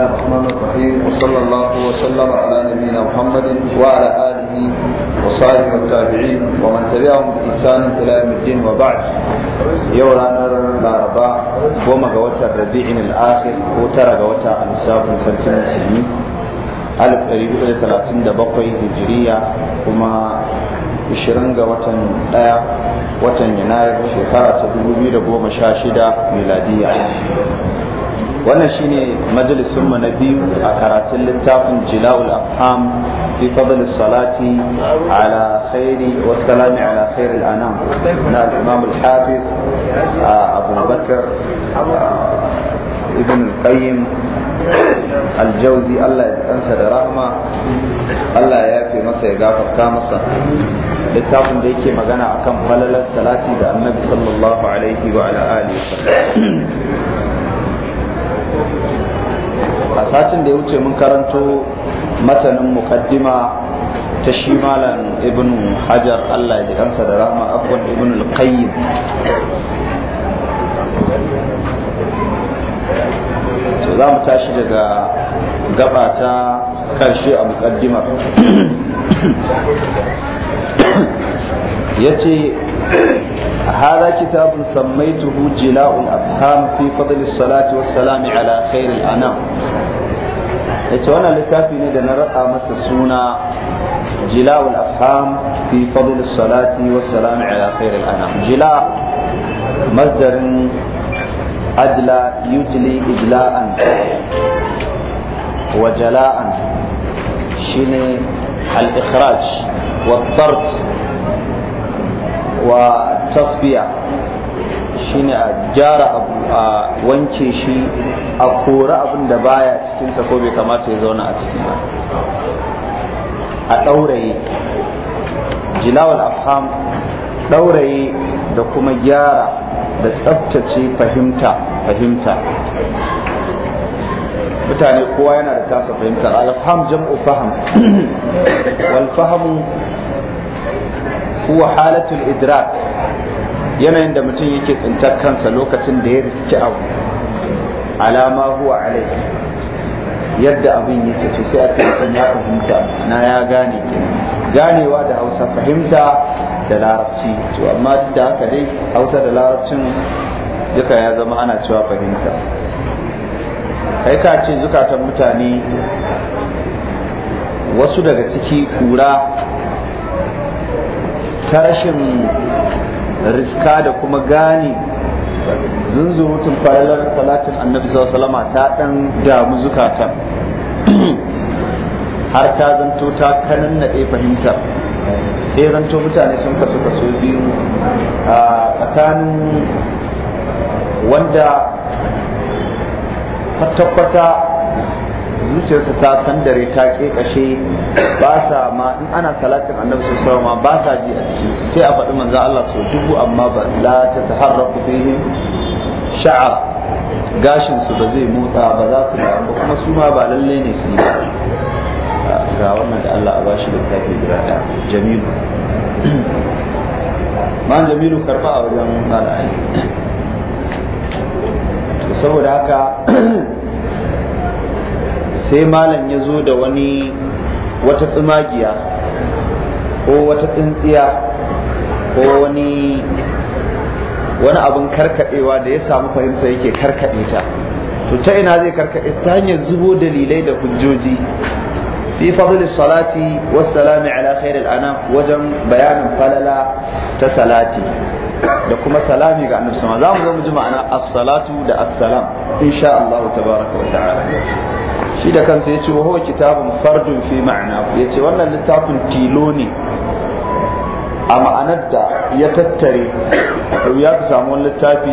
الرحمن الرحيم وصلى الله وسلم على نبينا محمد وعلى اله وصحبه والتابعين ومن تبعهم بإحسان الى يوم الدين وبعد يوم الاربعاء وما غوت الربيع الاخر وترى غوت انساب سلك المسلمين 1437 هجرية وما 20 ga watan daya watan Yanayu shekara ta 2016 miladiya wannan shi ne majalisun mu na biyu a karatun littafin jila'ul afham fi fadl salati ala khairi wa salami ala khairil ana na al-imam al-hafiz ibn al-qayyim aljauzi Allah ya kansa da rahama Allah ya fi masa ya gafarta masa littafin da yake magana akan falalar salati da annabi sallallahu alaihi wa ala alihi a satin da ya wuce mun karanto matanin mukaddima ta shi malam ibn hajar allah ya kansa da rahama abuwan ibn al-qayyim to za mu tashi daga gaba ta karshe a mukaddimar ya ce هذا كتاب سميته جلاء الأفهام في فضل الصلاة والسلام على خير الأنام ya ce wannan littafi ne da na raɗa masa suna jila'ul afham fi fadl salati wa salam ala khairil anam jila masdarin ajla yujli ijla'an wa jala'an shine al-ikhraj wa tart wa tasfiya shine a gyara abu a wanke shi a kora abin da baya cikinsa ko bai kamata ya zauna a ciki ba a ɗauraye jilawal afham ɗauraye da kuma gyara da tsabtace fahimta fahimta mutane kowa yana da tasa fahimtar alfaham jam'u faham wal fahamu huwa halatul idrak yanayin da mutum yake tsintar kansa lokacin da ya riski abu alama huwa alai yadda abin yake to sai aka yi ya fahimta na ya gane ganewa da hausa fahimta da larabci to amma da haka dai hausa da larabcin duka ya zama ana cewa fahimta kai ka ce zukatan mutane wasu daga ciki kura ta rashin riska da kuma gane zunzurutun falalar salatin annabi salama ta ɗan damu zukatan har ta zanto ta kanan na fahimtar sai zanto mutane sun kasu kaso biyu a tsakanin wanda kwata-kwata zuciyarsu ta dare ta kashe ba sa ma in ana salatin annabi sallallahu ma ba sa ji a su sai a faɗi manzan Allah su dubu amma ba la ta taharraku fihim sha'ab gashin su ba zai motsa ba za su ba kuma su ma ba lalle ne su ba ga wannan da Allah a ba ta littafi guda ɗaya jamilu ma jamilu karba a wajen mala'ai saboda haka sai malam ya zo da wani wata tsumagiya ko wata tsintsiya ko wani wani abin karkadewa da ya samu fahimta yake karkade ta to ta ina zai karkade ta hanyar zubo dalilai da hujjoji fi fadlis salati was salami ala khairil anam wajen bayanin falala ta salati da kuma salami ga annabi zamu za mu zo mu ji ma'ana as-salatu da as-salam insha Allah tabaraka wa ta'ala shi da kansa ya ce wa huwa kitabun fardun fi ma'ana ya ce wannan littafin tilo ne a ma'anar da ya tattare ya ka samu wani littafi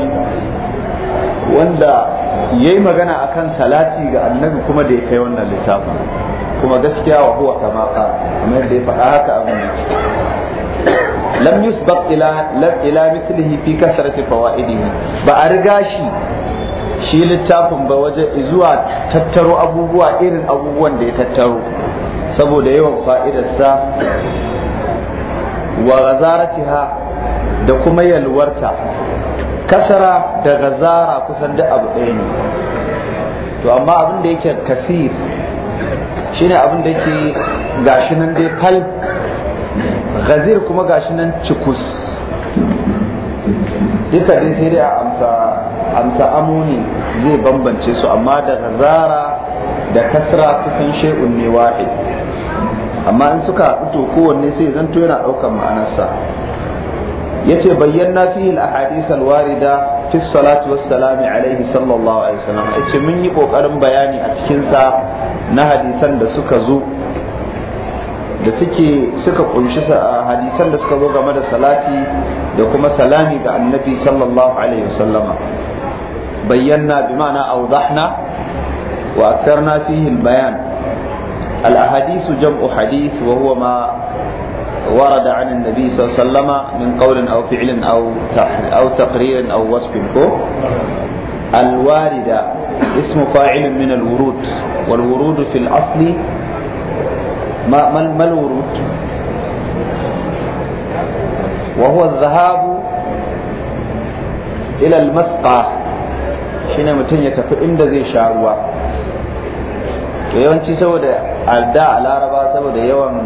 wanda ya yi magana a kan salati ga annabi kuma da ya kai wannan littafin kuma gaskiya wa huwa kama ka kamar yadda ya faɗa haka abin lam yusbaq ila ila mithlihi fi kasrati fawaidihi ba a riga shi shi littafin ba waje zuwa tattaro abubuwa irin abubuwan da ya tattaro saboda yawan fa'idarsa wa ha, da kuma yalwarta kasara da gazara kusan da abu ɗaya ne to amma abin da yake kasir shine abin da yake gashi nan dai fal gazir kuma gashinan nan cikus duka sai dai a amsa amsa amuni zai bambance su amma daga zara da kasra kusan shay'un ne wahid amma in suka haɗu kowanne sai zanto yana ɗaukar ma'anarsa yace bayyana fihi al-ahadith al-warida fi salatu was alayhi sallallahu alaihi wasallam ce mun yi kokarin bayani a cikin sa na hadisan da suka zo da suke suka kunshi hadisan da suka zo game da salati da kuma salami ga annabi sallallahu alaihi wasallama بينا بمعنى أوضحنا وأكثرنا فيه البيان الأحاديث جمع حديث وهو ما ورد عن النبي صلى الله عليه وسلم من قول أو فعل أو أو تقرير أو وصف الواردة اسم فاعل من الورود والورود في الأصل ما, ما الورود وهو الذهاب إلى المسقى shine mutum ya tafi inda zai sha ruwa to yawanci saboda alda a laraba saboda yawan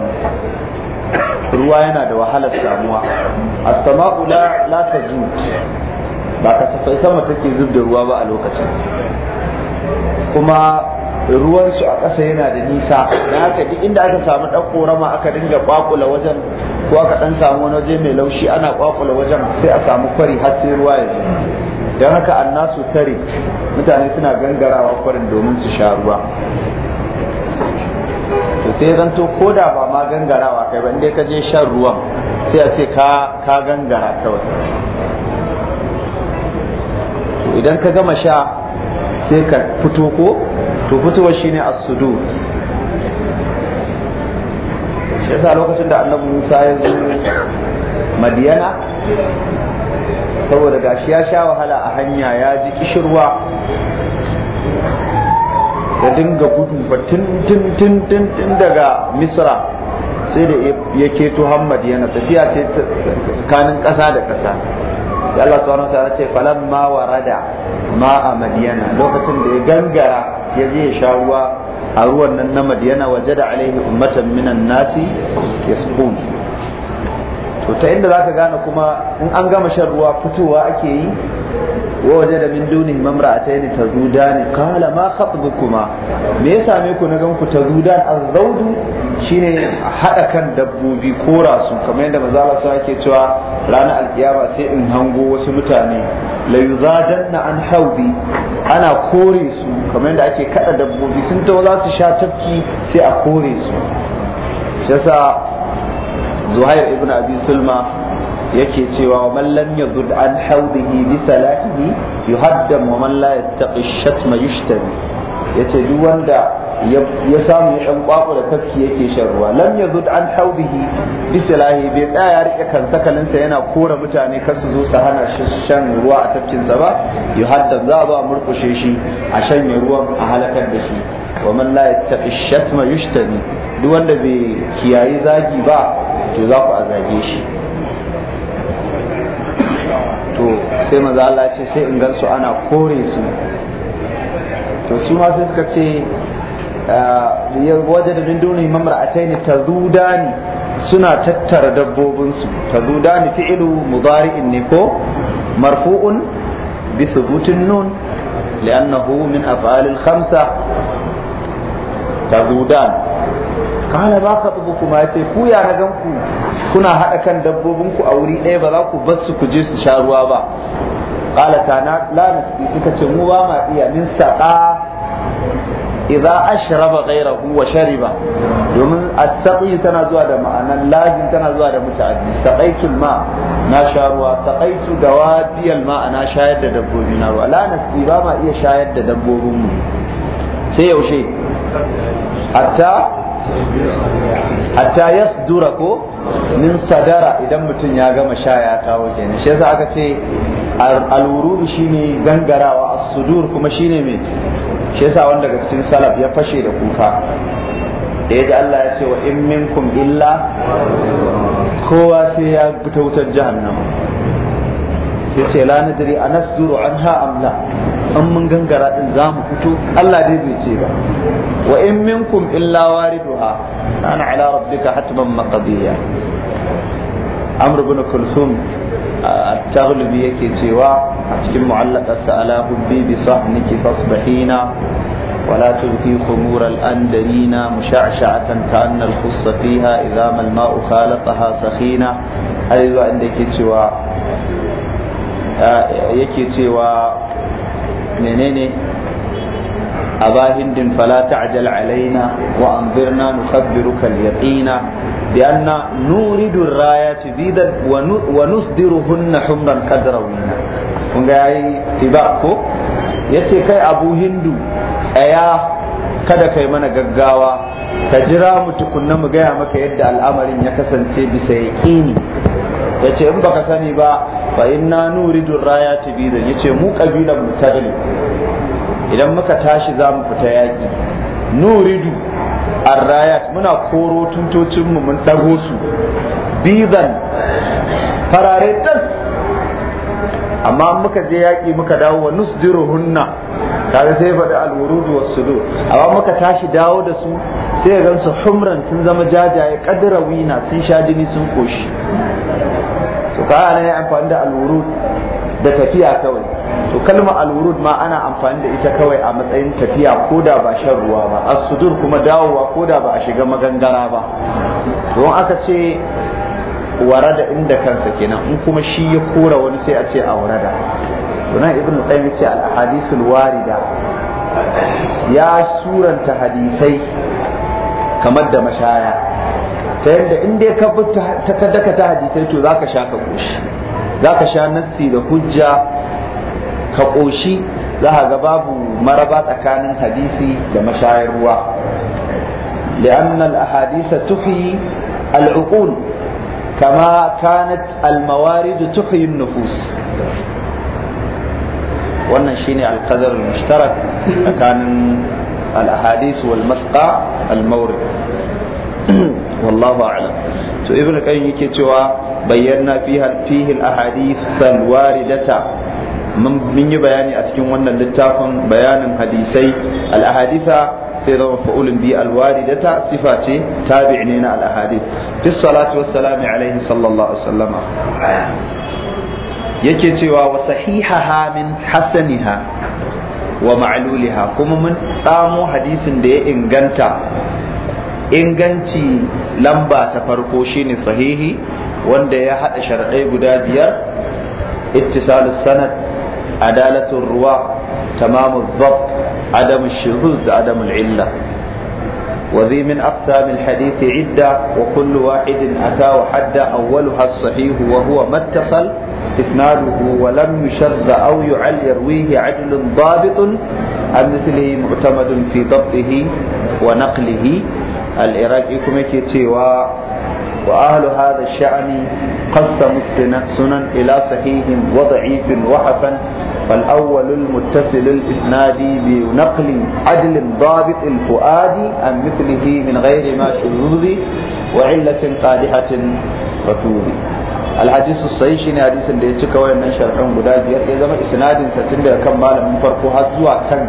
ruwa yana da wahalar samuwa a samau la la ba ba tafai sama take zub da ruwa ba a lokacin kuma ruwansu a ƙasa yana da nisa da haka duk inda aka samu ɗan korama aka dinga kwakula wajen ko aka ɗan samu wani waje mai laushi ana kwakula wajen sai a samu kwari har sai ruwa ya zo don haka annasu tare mutane suna gangarawa kwarin domin su sha ruwa to sai zanto ko da ba ma gangarawa kai ba inda ka je shan ruwan sai a ce ka gangara kawai to idan ka gama sha sai ka fito ko to fitowar shine as-sudu shi yasa lokacin da annabi Musa ya zo Madiyana saboda gashi ya sha wahala a hanya ya ji kishirwa ya dinga gudu ba tun daga misra sai da ya keto hamad yana tafiya ce tsakanin ƙasa da ƙasa ya Allah tsawon wata ce falan ma warada ma a madiyana lokacin da ya gangara ya je ya sha ruwa a ruwan nan na madiyana waje da alaihi ummatan minan nasi ya yasqun to ta inda za ka gane kuma in an gama shan ruwa fitowa ake yi wa waje da min duni mamra ta yi ta zuda ne kala ma khatbu kuma me ya same ku na ganku ta zuda an zaudu shine ne haɗa kan dabbobi ko rasu kamar yadda maza sun ake cewa ranar alkiyama sai in hango wasu mutane la yuzadanna an hauzi ana kore su kamar yadda ake kada dabbobi sun tawo za su sha tafki sai a kore su shi zuhair ibn abi sulma yake cewa wa man lam yazud an hawdihi bi salahihi yuhaddam wa man la yattaqi shatma yushtabi yace duk wanda ya samu ya dan kwako da tafki yake shan ruwa lam yazud an hawdihi bi salahi bai tsaya ya rike kansa yana kora mutane kar su zo su hana shi shan ruwa a tafkin sa ba yuhaddam za a ba murkushe shi a shanye ruwan a halakar da shi wa man la yattaqi shatma yushtabi duk wanda bai kiyayi zagi ba to za ku azage shi to sai maza Allah ce sai in gansu ana kore su to su ma sai suka ce ah, waje da dindoni mamra'atai ne ta rudani suna tattara dabbobinsu ta rudani fi'ilu mudari'in ne ko marfu'un bi thubutin nun li'annahu min af'alil khamsa tazudan kala ba ka bugu kuma ya ce ku kuna haɗa kan dabbobinku a wuri ɗaya ba za ku bar su ku je su sha ruwa ba kala ta na lanasi ce mu ba ma iya min saƙa idza ashraba ghayrahu wa shariba domin as-saqi tana zuwa da ma'anan lazim tana zuwa da muta'addi saqaitul ma na sha ruwa saqaitu dawadiyal ma na shayar da dabbobi A ruwa la nasbi ba ma iya shayar da dabbobin mu sai yaushe hatta hatta yasdura ko min sadara idan mutum ya gama sha ya tawo kenan shi yasa aka ce al shine gangarawa as-sudur kuma shine me shi yasa wanda daga cikin salaf ya fashe da kuka da yaji Allah ya ce wa in minkum illa kowa sai ya fita wutar jahannama sai ce la nadri anasduru ha amla an mun gangara din za mu fito Allah dai bai ce ba wa in minkum illa wariduha ana ala rabbika hatman maqdiya amr ibn kulsum at-taghlibi yake cewa a cikin mu'allaqarsa ala hubbi bi sahniki fasbahina ولا تبقي خمور الأندرين مشعشعة كأن الخص فيها إذا ما الماء خالطها سخينة هذا عندك yake cewa menene a hindin falata ajal alaina wa an birna nukabbiru kalyaƙina da yana nuri raya ci bidan wani kadrawina kun ga yayi tiba ko ya ce kai abu hindu ɗaya kada kai mana gaggawa ka jira mu tukunna mu gaya maka yadda al'amarin ya kasance bisa yaƙini ya ce in baka sani ba fa inna nuridu raya tibidan ya ce mu kabilan mu ta ne idan muka tashi za mu fita yaƙi nuridu arrayat muna koro tuntocinmu mun ɗago su bidan farare tas amma muka je yaƙi muka dawo wa hunna tare sai faɗi alwurudu do, amma muka tashi dawo da su sai ya gansu humran sun zama jajaye ƙadirawina sun sha jini sun koshi ka nan ya amfani da alwurud da tafiya kawai to kalmar alwurud ma ana amfani da ita kawai a matsayin tafiya ko da ba shan ruwa ba as-sudur kuma dawowa ko da ba a shiga magangara ba to in aka ce warada inda kansa kenan in kuma shi ya kora wani sai a ce a warada to nan ibnu qayyim ce al-ahadisul warida ya suranta hadisai kamar da mashaya ta yadda in dai ka bi takaddaka ta hadisai to zaka sha ka koshi zaka sha nassi da hujja ka koshi za ka ga babu maraba tsakanin hadisi da mashayar ruwa لأن الأحاديث تحيي العقول كما كانت الموارد تحيي النفوس wannan shine alkadar mushtarak tsakanin al-ahadis wal masqa al-mawrid wallahu a'lam to ibnu qayyim yake cewa bayyana fiha fihi waridata mun yi bayani a cikin wannan littafin bayanin hadisai al-ahaditha sai zama fa'ulun bi al sifa ce tabi'i ne na al-ahadith fi salatu wassalamu alaihi sallallahu alaihi wasallama yake cewa wa sahihaha min hasaniha wa ma'luliha kuma mun tsamo hadisin da ya inganta inganci lamba ta farko shine sahihi wanda ya hada shar'ai guda biyar ittisalus sanad adalatul ruwa tamamul dhabt adam shuhud da adam illa وذي من أقسام الحديث عدة وكل واحد أتى وحد أولها الصحيح وهو ما اتصل إسناده ولم يشذ أو يعل يرويه عدل ضابط عن مثله معتمد في ضبطه ونقله al al’iraƙi kuma ke cewa wa ahlu hada sha'ani qassa sunan ila sahihin wa da'ifin wa hasan bal awwalul muttasilul isnadi bi naqlin adlin dabitin fu'adi an mithlihi min ghairi ma shuzuzi wa illatin qadihatin fatuli alhadisu sai shine hadisin da ya cika wayannan sharhan guda biyar ya zama isnadin sa tun daga kan malamin farko har zuwa kan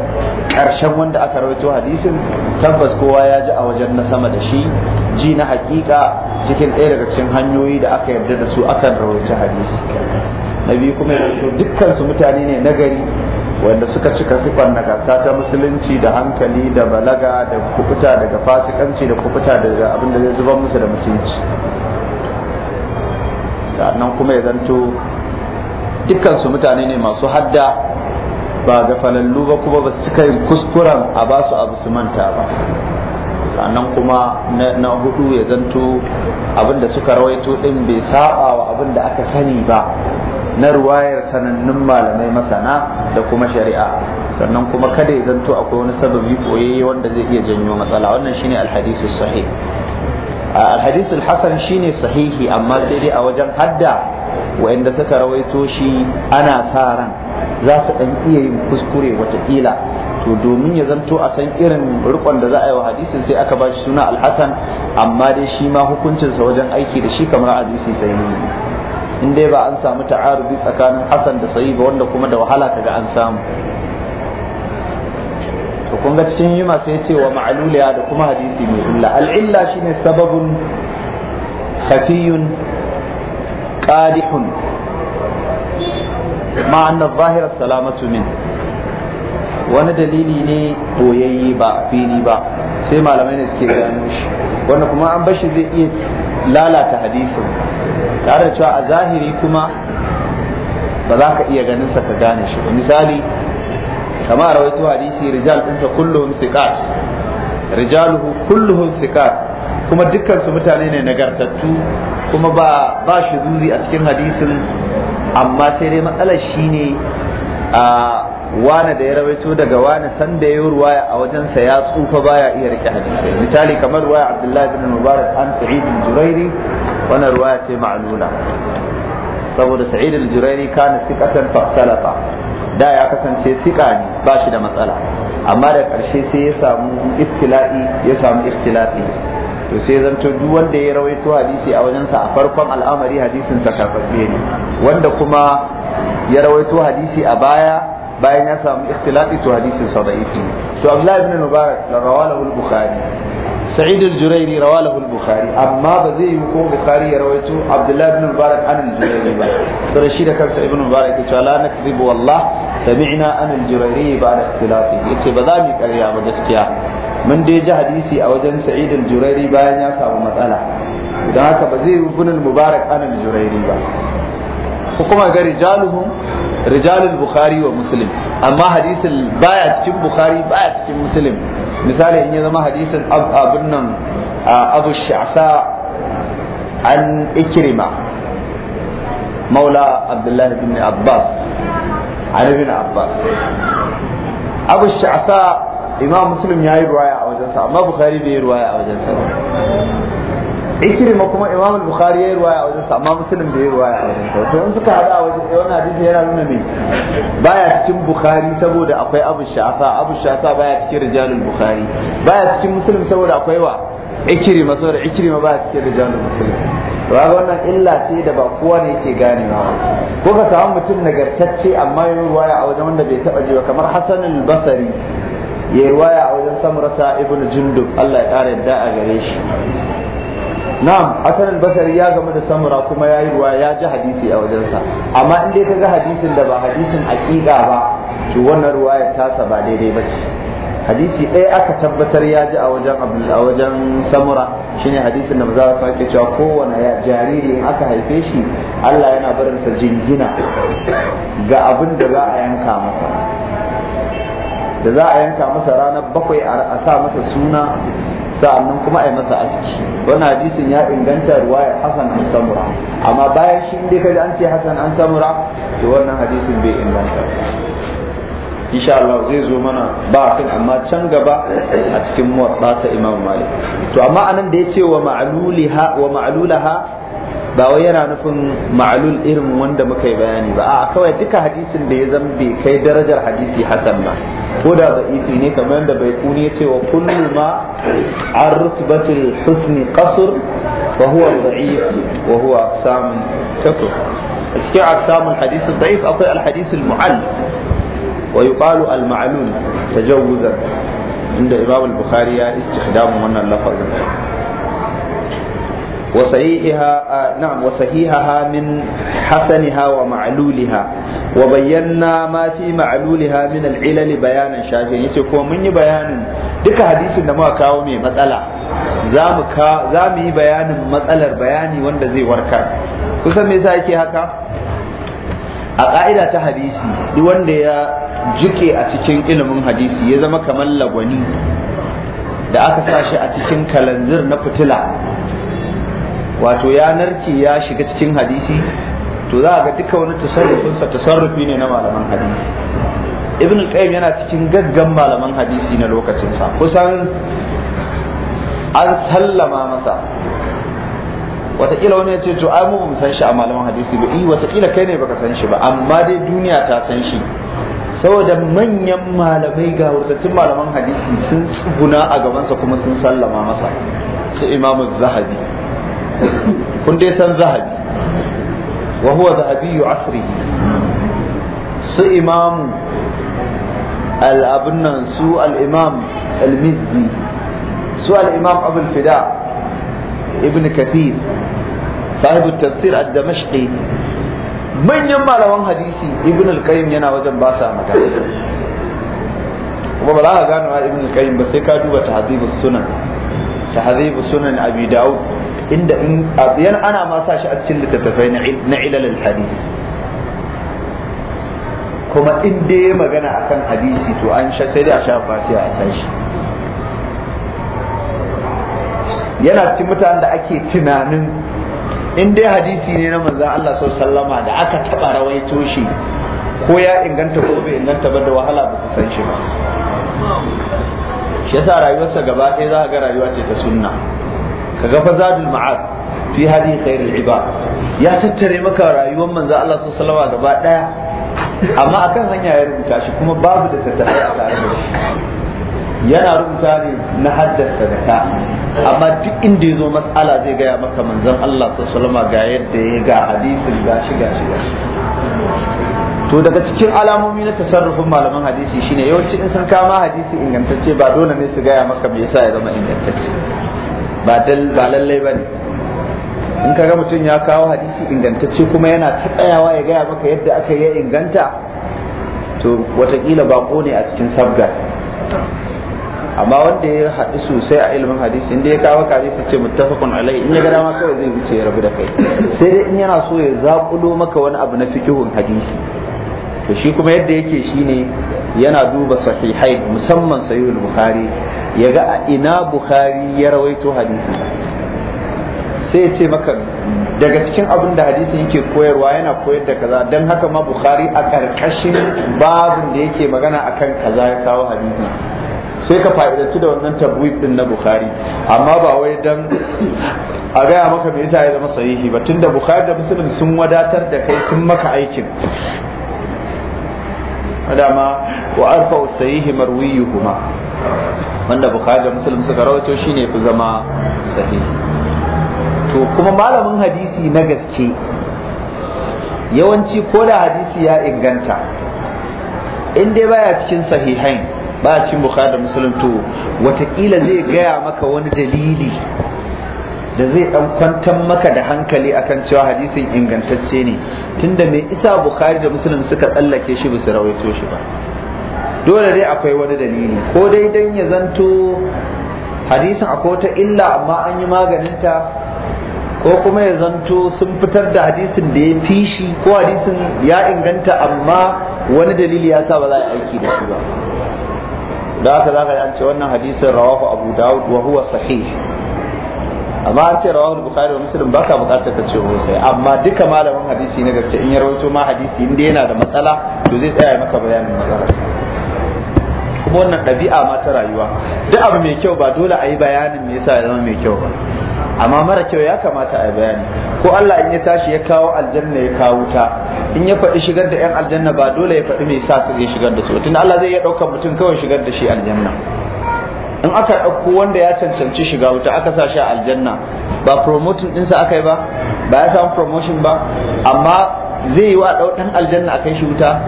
karshen wanda aka rawaito hadisin tabbas kowa ya ji a wajen na sama da shi ji na hakika cikin ɗaya daga cikin hanyoyi da aka yarda da su akan rawaita hadisi na biyu kuma ya dukkan su mutane ne nagari wanda suka cika sifar nagarta ta musulunci da hankali da balaga da kukuta daga fasikanci da kukuta daga abin da zai zuba musu da mutunci sa'annan kuma ya zanto dukkan mutane ne masu hadda ba ga falallu ba kuma ba su kai kuskuren a ba su abu su manta ba sannan kuma na hudu ya zanto abinda suka rawaito din bai saba wa abinda aka sani ba na ruwayar sanannun malamai masana da kuma shari'a sannan kuma kada ya zanto akwai wani sababi koyayye wanda zai iya janyo matsala wannan shine alhadisu sahih sahihi amma shine dai a wajen hadda أما suka rawaito shi ana سكا za su سارا ɗan yin yin wata وتقيلة to domin ya zanto a san irin rikon da za a yi wa hadisin sai aka bashi suna alhassan amma dai shi ma hukuncinsa wajen aiki da shi kamar hadisi sai in dai ba an samu ta'arudi tsakanin hasan da sayi ba wanda kuma da wahala kaga an samu to kun ga cikin yi masu ya ce wa ma'aluliya da kuma hadisi mai illa al'illa shine sababun khafiyun qadihun ma anna zahira salamatu min wani dalili ne boyayye ba fili ba sai malamai ne suke gano shi wanda kuma an bashi zai iya lalata hadisin tare da cewa a zahiri kuma ba za ka iya ganin sa ka gane shi misali kama rawaito hadisi rijal ɗinsa kulluhum siqat rijaluhu kulluhum siqat kuma dukkan su mutane ne nagartattu kuma ba ba a cikin hadisin amma sai dai matsalar shine a wane da ya rawaito daga wane san da ya ruwaya a wajensa ya tsufa baya iya rike hadisai misali kamar ruwaya abdullahi bin mubarak an sa'id bin jurairi wannan ruwaya ce ma'lula saboda sa'id bin jurairi kana thiqatan fa'talafa da ya kasance siƙa ne ba shi da matsala amma da ƙarshe sai ya samu iftila'i ya samu iftila'i to sai zanto duk wanda ya rawaito hadisi a wajensa a farkon al'amari hadisin sa karfafe ne wanda kuma ya rawaito hadisi a baya bayan ya samu iftila'i to hadisin sa da'ifi to Abdullahi ibn Mubarak rawalahu al-Bukhari sa'id al-jurairi rawalahu al-bukhari amma ba zai yi ko bukhari ya rawaito abdullahi ibn mubarak an ba to shi da kansa ibn mubarak ya ce la nakzibu wallah sami'na an al-jurairi ba da ikhtilafi yace ba za mu karya ba gaskiya mun dai ji hadisi a wajen sa'id al bayan ya samu matsala idan haka ba zai yi ibn ba ga rijalul bukhari wa amma hadisin baya cikin bukhari baya cikin muslim misali in ya zama hadisin abin nan abu sha'sa an ikirima maula abdullahi bin abbas an ibn abbas abu sha'sa imam muslim ya yi ruwaya a wajensa amma bukhari bai yi ruwaya a wajensa Ikirima kuma imam bukhari ya ruwaya a sa amma muslim bai ruwaya a wajensa to in suka hada a wajen wani hadisi yana nuna me baya cikin bukhari saboda akwai abu shafa abu shafa baya cikin rijalul bukhari baya cikin muslim saboda akwai wa ikrima saboda ikirima baya cikin rijalul muslim ba wannan illa ce da ba kowa ne yake ganewa ko ka samu mutum nagartacce amma ya ruwaya a wajen wanda bai taba ji ba kamar hasan al-basri ya ruwaya a wajen samurata ibnu jundub Allah ya kare da a gare shi na'am al basari ya gama da samura kuma ya yi ruwa ya ji hadisi a wajensa amma in dai ka ga hadisin da ba hadisin aƙiƙa ba to wannan ya tasa ba daidai ba ce hadisi ɗaya aka tabbatar ya ji a wajen a wajen samura shine hadisin da maza sake ake cewa kowane jariri in aka haife shi Allah yana barinsa jingina ga abin da za a yanka masa da za a yanka masa ranar bakwai a sa masa suna sa'annan kuma ai masa aski wannan hadisin ya inganta ruwayar Hassan an Samura amma bayan shi inda kaji an ce Hassan an Samura to wannan hadisin bai inganta insha Allah zai zo mana ba sun amma can gaba a cikin muwatta ta Imam Malik to amma anan da yace wa ma'luliha wa ma'lulaha ba wai yana nufin ma'lul irin wanda muka yi bayani ba a kawai duka hadisin da ya zan bai kai darajar hadisi hasan ba ko da da'ifi ne kamar da bai kuni ya ce wa kullu ma an rutubatul husni kasur fa huwa da'if wa huwa aqsam kafir a cikin aqsamul hadith da'if akwai al hadith al mu'all wa yuqalu ta ma'lul tajawuzan inda imam al bukhari ya istihdamu wannan lafazin وصحيحها نعم وصحيحها من حسنها ومعلولها وبينا ما في معلولها من العلل بيانا شافيا yace kuma mun yi bayanin duka hadisin da muka kawo mai matsala za mu yi bayanin matsalar bayani wanda zai warkar kusan me yasa yake haka a ƙa'ida ta hadisi duk wanda ya jike a cikin ilimin hadisi ya zama kamar lagwani da aka sa shi a cikin kalanzir na fitila wato ya narke ya shiga cikin hadisi to za a ga duka wani tasarrufinsa tasarrufi ne na malaman hadisi ibn qayyim yana cikin gaggan malaman hadisi na lokacinsa kusan an sallama masa watakila wani ya ce to ai mu ba mu san shi a malaman hadisi ba eh watakila kai ne baka san shi ba amma dai duniya ta san shi saboda manyan malamai ga wurtattun malaman hadisi sun tsuguna a gabansa kuma sun sallama masa su imamu zahabi kun dai san zahabi wa huwa zahabi asrihi su imamu al'abin nan su al'imam al-mizzi su al'imam abul fida ibn kathir sahibu tafsir ad-damashqi manyan malaman hadisi ibn al-qayyim yana wajen ba sa magana kuma ba za ka gano ibn al-qayyim ba sai ka duba tahdhibus sunan tahdhibus sunan abi daud inda in ana ma sa shi a cikin littattafai na ilalul hadis kuma in dai magana akan hadisi to an sha sai dai a sha fatiha a tashi yana cikin mutanen da ake tunanin in dai hadisi ne na manzan Allah sau sallama da aka taɓa rawaito shi ko ya inganta ko bai inganta ba da wahala ba su san shi ba shi yasa rayuwarsa gaba ɗaya za ga rayuwa ce ta sunna kaga fa zadul ma'ad fi hadi khairul ibad ya tattare maka rayuwar manzo Allah sallallahu alaihi gaba daya amma akan hanya ya rubuta shi kuma babu da tattare a tare da shi yana rubuta ne na haddasa da ta amma duk inda ya zo matsala zai gaya maka manzon Allah sallallahu alaihi ga yadda ya ga hadisin gashi gashi gashi to daga cikin alamomi na tasarrufin malaman hadisi shine yawanci in sun kama hadisi ingantacce ba dole ne su gaya maka me yasa ya zama ingantacce ba lallai ba ne in kaga mutum ya kawo hadisi ingantacce kuma yana ta tsayawa ya gaya maka yadda aka yi ya inganta to watakila bako ne a cikin sabgar amma wanda ya haɗu sosai a ilimin hadisi inda ya kawo kaji su ce muttafaqun alai in ya ga dama kawai zai wuce ya rabu da kai sai dai in yana so ya zaƙulo maka wani abu na fikihun hadisi to shi kuma yadda yake shine yana duba sahihai musamman sahihul bukhari ya ga a ina bukhari ya rawaito hadisi sai ya ce maka daga cikin abin da hadisin yake koyarwa yana koyar da kaza don haka ma bukhari a ƙarƙashin babin da yake magana akan kaza ya kawo hadisi sai ka fa'idanci da wannan tabbuyi din na bukhari amma ba wai dan a gaya maka me yasa ya zama sahihi ba tunda bukhari da muslim sun wadatar da kai sun maka aikin dama wa arfa sahihi marwiyuhuma wanda bukhari da muslim suka rawaito shine fi zama sahihi to kuma malamin hadisi na gaske yawanci ko da hadisi ya inganta in dai baya cikin sahihain ba cikin bukhari da muslim to watakila zai gaya maka wani dalili da zai dan kwantar maka da hankali akan cewa hadisin ingantacce ne tunda mai isa bukhari da muslim suka tsallake shi bisa rawaito shi ba dole dai akwai wani dalili ko dai dan ya zanto hadisin akwai wata illa amma an yi maganinta ko kuma ya zanto sun fitar da hadisin da ya fi shi ko hadisin ya inganta amma wani dalili ya sa ba za a aiki da shi ba da haka za ka ce wannan hadisin rawahu abu dawud wa huwa sahih amma an ce rawahul bukhari wa muslim baka bukatar ka ce sai amma duka malamin hadisi na gaske in ya rawaito ma hadisi inda yana da matsala to zai tsaya maka bayanin matsalarsa kuma wannan ɗabi'a ma ta rayuwa duk abu mai kyau ba dole a yi bayanin me yasa ya zama mai kyau ba amma mara kyau ya kamata a yi bayani ko Allah in ya tashi ya kawo aljanna ya kawo ta in ya faɗi shigar da 'yan aljanna ba dole ya faɗi mai sa su zai shigar da su tun Allah zai iya ɗaukar mutum kawai shigar da shi aljanna in aka ɗauko wanda ya cancanci shiga wuta aka sa shi a aljanna ba promotion ɗinsa aka yi ba ba ya samu promotion ba amma zai yi wa ɗau ɗan aljanna a kai shi wuta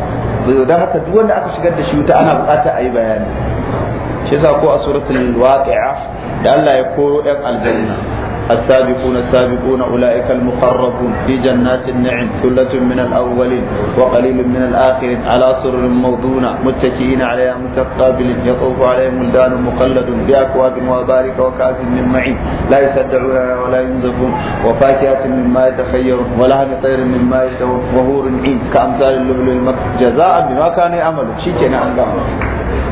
don haka duk wanda aka shigar da shi wuta ana buƙata a yi bayani shi ko a suratul waqi'a da Allah ya koro ɗan aljanna السابقون السابقون أولئك المقربون في جنات النعيم ثلة من الأولين وقليل من الآخرين على سرر موضونة متكئين عليها متقابلين يطوف عليهم ولدان مقلد بأكواب وأبارك وكأس من معين لا يصدعون ولا ينزفون وفاكهة مما يتخيرون ولحم طير مما يشتهون وهور عين كأمثال اللؤلؤ المكتوب جزاء بما كانوا يعملون شيء كان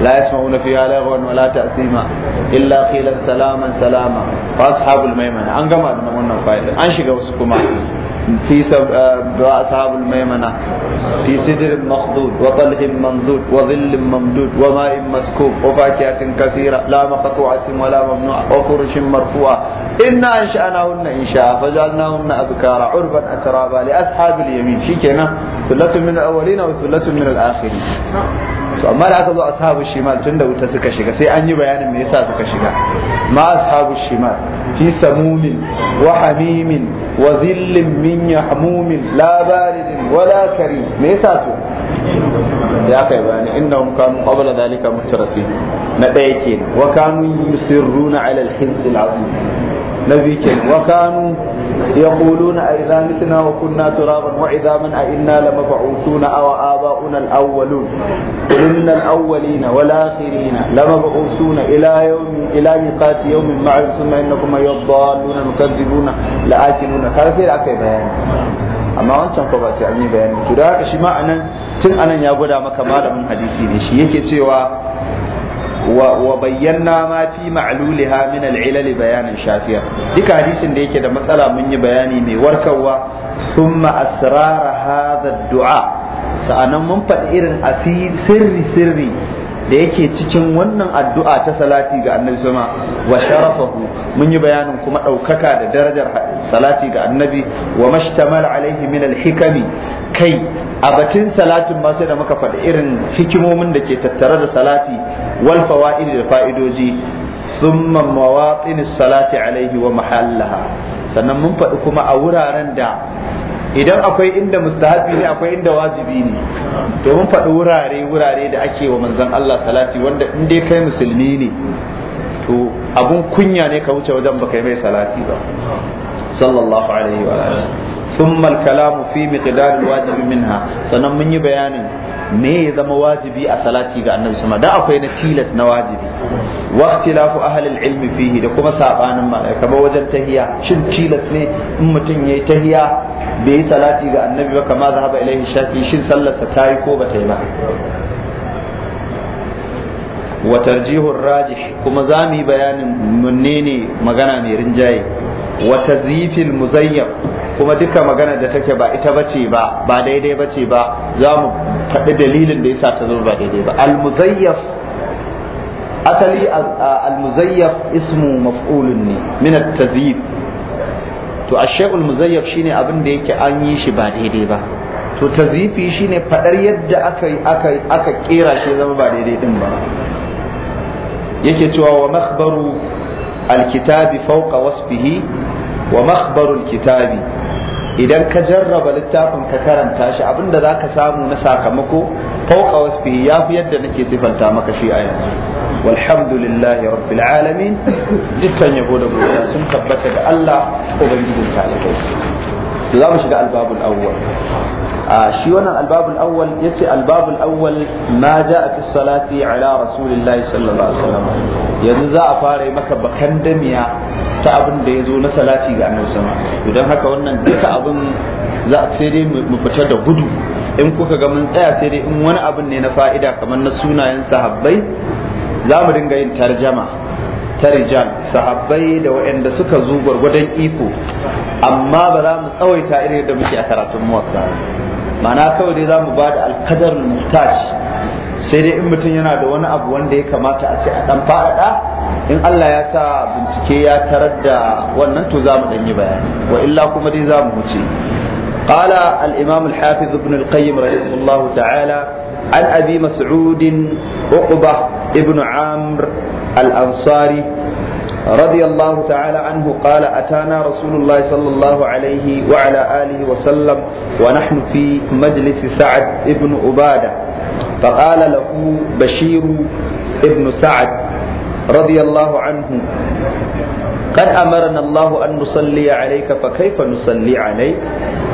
لا يسمعون فيها لغوا ولا تأثيما إلا قيلا سلاما سلاما فأصحاب الميمنة أن قمع دمونا فائدة أن في سب... آه، أصحاب الميمنة في سدر مخضود وطلح منضود وظل ممدود وماء مسكوب وفاكهة كثيرة لا مقطوعة ولا ممنوعة وفرش مرفوعة إنا أنشأناهن إنشاء فجعلناهن أبكارا عربا أترابا لأصحاب اليمين شيكنا ثلة من الأولين وثلة من الآخرين to amma da aka zo ashabu shimal tunda wuta suka shiga sai an yi bayanin me yasa suka shiga ma ashabu shimal fi samumin wa hamimin wa zillin min yahmumin la baridin wala karim me yasa to da aka yi bayani innahum kanu qabla dhalika mutrafi na daya ke wa kanu yusirruna ala al-hizb al-azim na biyu ke wa kanu yaquluna a idza mitna wa kunna turaban wa idhaman a inna lamab'uthuna aw aba'una al-awwalun qul inna al-awwalina wal akhirina lamab'uthuna ila yawmin ila miqati yawmin ma'lum thumma innakum ayyadhalluna mukaththibuna la'akinuna kaga sai da aka yi bayani amma wancan ko ba sai an yi bayani to da haka shi ma anan tun anan ya gwada maka malamin hadisi ne shi yake cewa wa bayyana ma fi ma'luliha min al-ilal bayanan shafiya duka hadisin da yake da matsala mun yi bayani mai warkarwa thumma asrara hadha ad-du'a sa'anan mun faɗi irin asiri sirri sirri da yake cikin wannan addu'a ta salati ga annabi sama wa sharafahu mun yi bayanin kuma ɗaukaka da darajar salati ga annabi wa mashtamal alaihi min alhikami kai a batun salatin ma sai da muka faɗi irin hikimomin da ke tattare da salati wal fawaidi da fa'idoji summa mawatin salati alaihi wa mahallaha sannan mun faɗi kuma a wuraren da idan akwai inda mustahabi ne akwai inda wajibi ne to mun faɗi wurare wurare da ake wa manzon Allah salati wanda in dai kai musulmi ne to abun kunya ne ka wuce wajen baka mai salati ba sallallahu alaihi wa alihi ثم الكلام في مقدار الواجب منها sannan mun yi bayanin me ya zama wajibi a salati ga annabi sama da akwai na tilas na wajibi wa ikhtilafu ahli ilmi fihi da kuma sabanin malaka ba wajen tahiya shin tilas ne in mutum yayi tahiya bai yi salati ga annabi ba kama zahaba ilaihi shafi shin sallarsa ta yi ko ba ta yi ba wa tarjihur rajih kuma zamu yi bayanin menene magana mai rinjaye wa tazifil muzayyab kuma duka magana da take ba ita bace ba ba daidai bace ba za mu faɗi dalilin da yasa ta zama ba daidai ba al-muzayyaf asali al-muzayyaf ismu maf'ulun ne min at-tazyib to ash al muzayyaf shine abin da yake an yi shi ba daidai ba to tazyifi shine fadar yadda aka aka aka kera shi zama ba daidai din ba yake cewa wa makhbaru al-kitabi fawqa wasfihi wa makhbarul kitabi idan ka jarraba littafin ka karanta shi abinda za ka samu na sakamako fauka wasfihi ya fi yadda nake sifanta maka shi a yanzu walhamdulillahi rabbil alamin dukkan yabo da godiya sun tabbata da Allah ubangijin talibai za mu shiga albabul awwal a shi wannan albabul awwal yace albabul awwal ma ja'a fi salati ala rasulillahi sallallahu alaihi wasallam yanzu za a fara maka damiya. ta abin da ya zo na salati ga annabi sama idan haka wannan duka abin za sai dai mu fita da gudu in kuka ga mun tsaya sai dai in wani abin ne na fa'ida kamar na sunayen sahabbai za mu dinga yin tarjama tarjan, sahabbai da waɗanda suka zo gwargwadon iko amma ba za mu tsawaita irin da muke a karatun muwatta ma'ana kawai dai za mu ba da alkadar muhtaj sai dai in mutum yana da wani abu wanda ya kamata a ce a dan faɗaɗa in Allah ya sa bincike ya tarar da wannan to za mu dan yi bayani wa illa kuma dai za mu wuce قال الإمام الحافظ ابن القيم رحمه الله تعالى عن أبي مسعود عقبة ابن عامر الأنصاري رضي الله تعالى عنه قال أتانا رسول الله صلى الله عليه وعلى آله وسلم ونحن في مجلس سعد ابن عبادة فقال له بشير ابن سعد رضي الله عنه قد أمرنا الله أن نصلي عليك فكيف نصلي عليك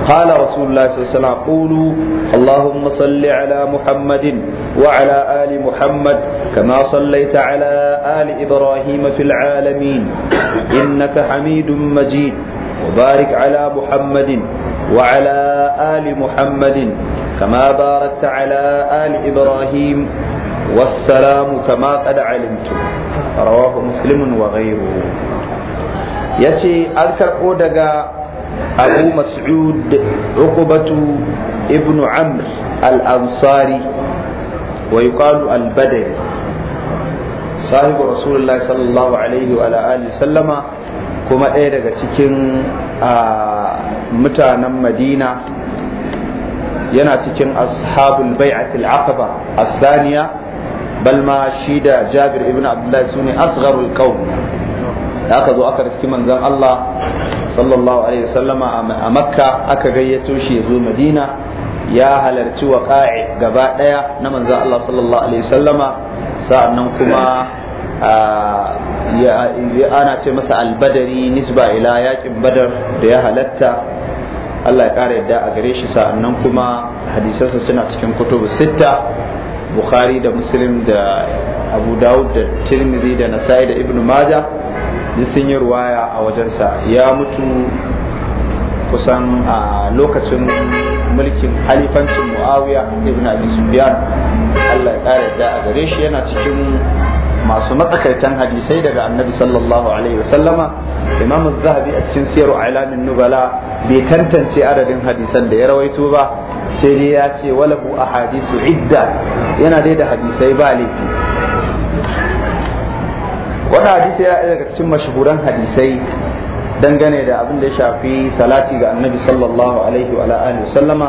قال رسول الله صلى الله عليه وسلم قولوا اللهم صل على محمد وعلى آل محمد كما صليت على آل إبراهيم في العالمين إنك حميد مجيد وبارك على محمد وعلى آل محمد كما باركت على آل إبراهيم والسلام كما قد علمت رواه مسلم وغيره يتي أذكر أودغا أبو مسعود عقبة ابن عمرو الأنصاري ويقال البدري صاحب رسول الله صلى الله عليه وعلى آله وسلم كما ɗaya daga cikin mutanen madina yana cikin ashabul bai'atil aqaba athaniya bal ma shi da Jabir ibn Abdullah sune asgharul qaum da aka zo aka riski manzon Allah sallallahu alaihi wasallama a Makka aka gayyato shi ya zo Madina ya halarci waqa'i gaba daya na manzon Allah sallallahu alaihi wasallama sa'annan kuma ana ce masa albadari nisba ila yakin badar da ya halatta Allah ya ƙara yadda a gare shi sa'annan kuma hadisansa suna cikin kutubu sitta bukhari da muslim da abu dawud da tirmidhi da nasa'i da Ibn maja duk sun yi ruwaya a wajensa ya mutu kusan a lokacin mulkin halifancin muawiya ibn abi sufyan Allah ya ƙara yadda a gare shi yana cikin masu matsakaitan hadisai daga annabi sallallahu alaihi wasallama imam zahabi a cikin siyar alamin nubala bai tantance adadin hadisan da ya rawaito ba sai dai ya ce walabu a hadisu idda yana dai da hadisai ba laifi wani hadisai ya daga cikin mashahuran hadisai dangane da abin da ya shafi salati ga annabi sallallahu alaihi wa alihi wa sallama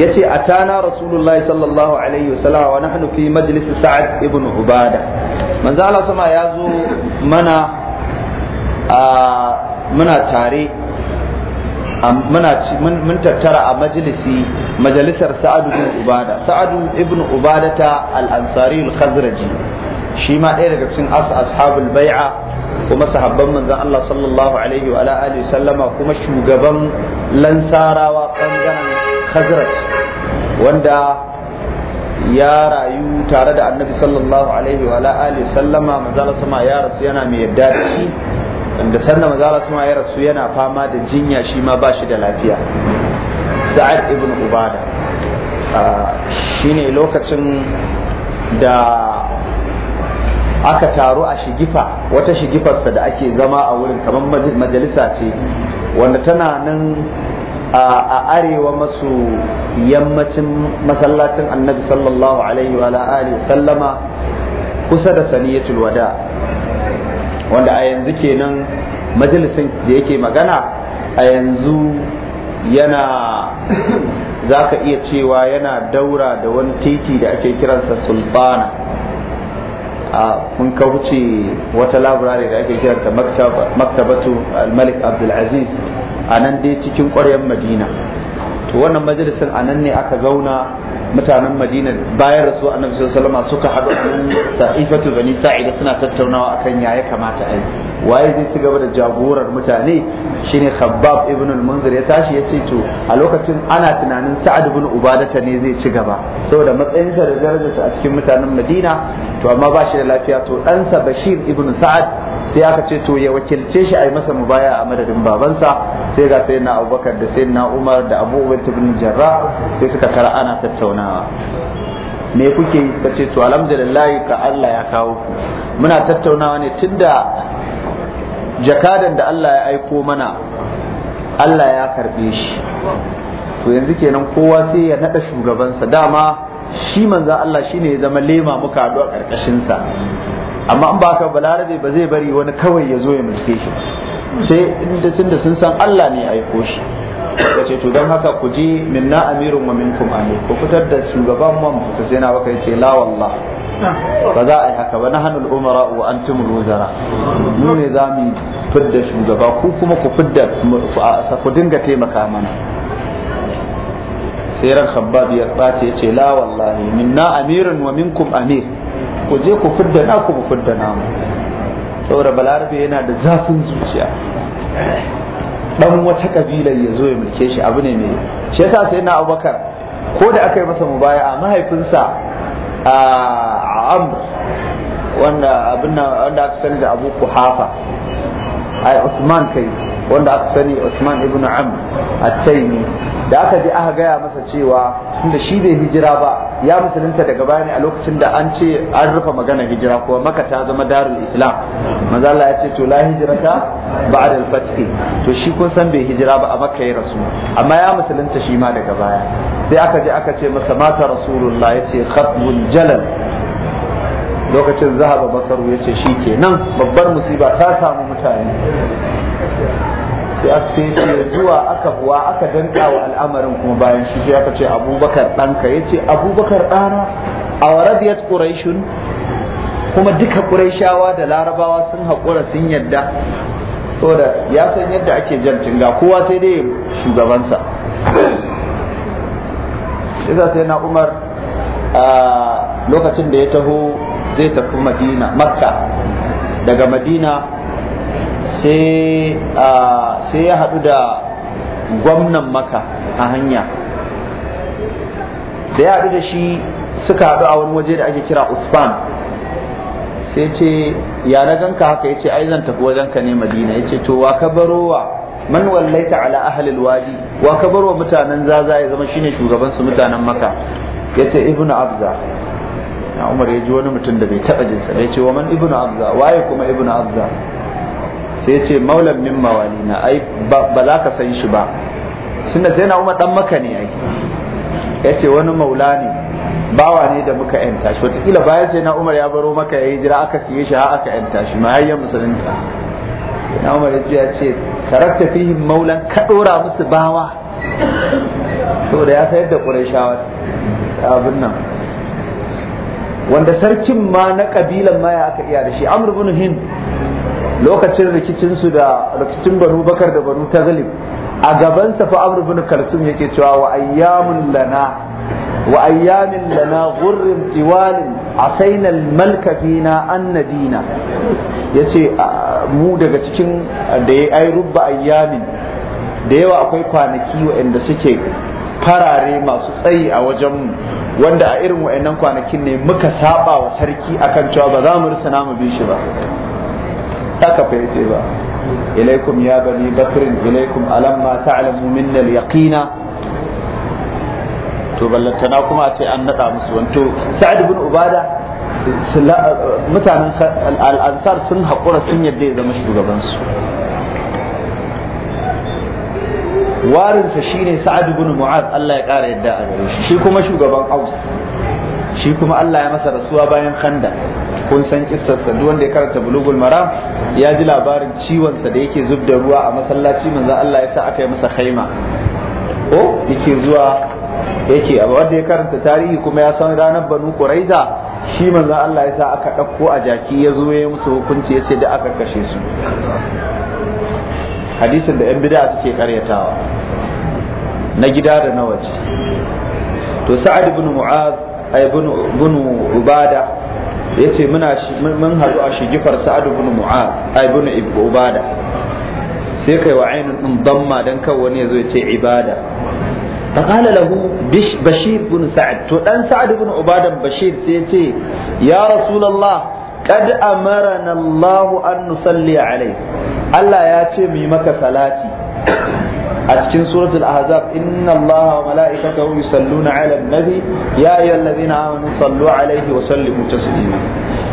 yace atana rasulullahi sallallahu alaihi wa sallama wa nahnu fi majlis sa'ad ibn ubada manzo Allah sama ya zo mana a muna tare muna mun tattara a majalisi majalisar Sa'adu ibn Ubada Sa'adu ibn ta al-Ansari al-Khazraji shi ma ɗaya daga cikin as ashabul bai'a kuma sahabban manzon Allah sallallahu alaihi wa alihi sallama kuma shugaban lansarawa bangaren Khazraj wanda ya rayu tare da annabi sallallahu alaihi wa alihi sallama manzala sama ya rasu yana mai yadda da shi sannan sama ya rasu yana fama da jinya shi ma ba shi da lafiya sa'ad ibn ubada shine lokacin da aka taru a shigifa wata shigifarsa da ake zama a wurin kamar majalisa ce wanda tana nan a arewa masu yammacin masallacin annabi sallallahu alaihi wa alihi sallama kusa da saniyatul wada wanda a yanzu kenan majalisin da yake magana a yanzu yana za ka iya cewa yana daura da wani titi da ake kiransa sultana a mun kauce wata laburare da ake kiranta maktabatu al-malik abdulaziz a nan dai cikin ƙwaryar madina to wannan majalisar a nan ne aka zauna mutanen madina bayan rasu annabi sallallahu alaihi wasallam suka haɗu sa'ifatu bani sa'ida suna tattaunawa akan yaya kamata a yi waye zai ci gaba da jagorar mutane shine khabbab ibn al-munzir ya tashi ya ce to a lokacin ana tunanin sa'ad ibn ubadata ne zai ci gaba saboda matsayin sa da darajarsa a cikin mutanen madina to amma ba shi da lafiya to ɗansa bashir ibn sa'ad sai aka ce to ya wakilce shi a yi masa mubaya a madadin babansa sai ga sayyidina abubakar da sayyidina umar da abu ibn jarrah sai suka tara ana tattaunawa me kuke yi suka ce to alhamdulillah ka Allah ya kawo ku muna tattaunawa ne tunda jakadan da Allah ya aiko mana Allah ya karbe shi to yanzu kenan kowa sai ya nada shugabansa dama shi manzo Allah shine ya zama lema muka haɗu a karkashin sa amma an baka balarabe ba zai bari wani kawai ya zo ya muske shi sai inda tunda sun san Allah ne ya aiko shi yace to don haka ku ji minna amirun wa minkum Amin ku fitar da shugaban mu ku sai na baka yace la wallah ba za a yi haka ba nahnu al-umara wa antum al-wuzara mu ne za mu fidda shugaba ku kuma ku fidda ku dinga taimaka mana sai ran khabbab ya bace yace la wallahi minna amirun wa minkum amir ku je ku fidda na ku fidda mu saboda balarabe yana da zafin zuciya dan wata kabila ya zo ya mulke shi abu ne mai shi yasa sai na abubakar ko da aka yi masa mubaya'a mahaifinsa a mahaifinsa wanda abin wanda aka sani da abu kuhafa ai usman kai wanda aka sani usman ibn amr at-taymi da aka je aka gaya masa cewa tunda shi bai hijira ba ya musulunta daga baya ne a lokacin da an ce an rufe magana hijira kuma maka ta zama darul islam maza Allah ya ce to la hijrata ba'da al-fath to shi kun san bai hijira ba a makka ya rasu amma ya musulunta shi ma daga baya sai aka je aka ce masa mata rasulullah ya ce khatbul jalal lokacin zahaba basaru ya ce shi kenan babbar musiba ta samu mutane sai aka zuwa aka buwa aka danta wa al'amarin kuma bayan shi sai aka ce abubakar ɗanka ya ce abubakar ɗana a waradiyat kuma duka ƙurashawa da larabawa sun haƙura sun yadda saboda ya san yadda ake jan cinga kowa sai dai shugabansa isa sai na umar a lokacin da ya taho zai tafi madina makka daga madina sai ya haɗu da gwamnan maka a hanya da ya haɗu da shi suka haɗu a wani waje da ake kira usman sai ce ya na ganka haka ya ce ai zan tafi wajen ka ne madina ya ce to wa ka barowa man wallaita ala ahlil wadi wa ka barowa mutanen zaza ya zama shine shugaban su mutanen maka ya ce ibnu abza na umar ya ji wani mutum da bai taɓa jinsa ya ce wa man ibnu abza waye kuma ibnu abza sai ce maulan min mawalina ai ba za ka san shi ba suna sai na umar dan maka ne ai ya ce wani maula ne bawa ne da muka yanta shi watakila bayan sai na umar ya baro maka ya hijira aka siye shi ha aka yanta shi ma hayyan musulunta na umar ya ce tarakta fihim maulan ka dora musu bawa saboda ya sayar da shawar abin nan wanda sarkin ma na ƙabilan ma ya aka iya da shi amr bin hind lokacin rikicinsu da rikicin banu bakar da banu taghlib a gaban fa amr ibn kalsum yake cewa wa ayyamun lana wa ayyamin lana ghurrin tiwalin asaina al-malka fina an nadina yace mu daga cikin da ya ai rubba ayyamin da yawa akwai kwanaki waɗanda suke farare masu tsayi a wajen mu wanda a irin waɗannan kwanakin ne muka saba wa sarki akan cewa ba za mu rusuna mu bi shi ba haka fa yace ba ilaikum ya bani bakrin ilaikum alam ma ta'lamu minna al-yaqina to ballantana kuma ce an nada musu wanto sa'ad ibn ubada mutanen al-ansar sun hakura sun yadda ya zama shugaban su warin sa shine sa'ad ibn mu'adh Allah ya ƙara yadda a gare shi shi kuma shugaban aus shi kuma Allah ya masa rasuwa bayan khanda kun san kissarsa duk wanda ya karanta bulugul maram ya ji labarin ciwon sa da yake zub da ruwa a masallaci manzo Allah ya sa aka yi masa khaima ko yake zuwa yake abu wanda ya karanta tarihi kuma ya san ranar banu quraiza shi manzo Allah ya sa aka ɗauko a jaki ya zo ya musu hukunci ya ce da aka kashe su hadisin da 'yan bida suke karyatawa na gida da na waje to sa'ad ibn mu'az ay bunu ubada yace muna mun haɗu a shigifar sa'ad ibn mu'ad ay bunu ubada sai kai wa ainun din damma dan kan wani yazo yace ibada فقال له بشير بن سعد تو دان سعد بن عباده بشير سيتي يا رسول الله قد أمرنا الله أن نصلي عليه الله ياتي مي صلاتي a cikin suratul ahzab inna allaha wa mala'ikatahu yusalluna 'ala an-nabi ya ayyuhalladhina amanu sallu 'alaihi wa sallimu taslima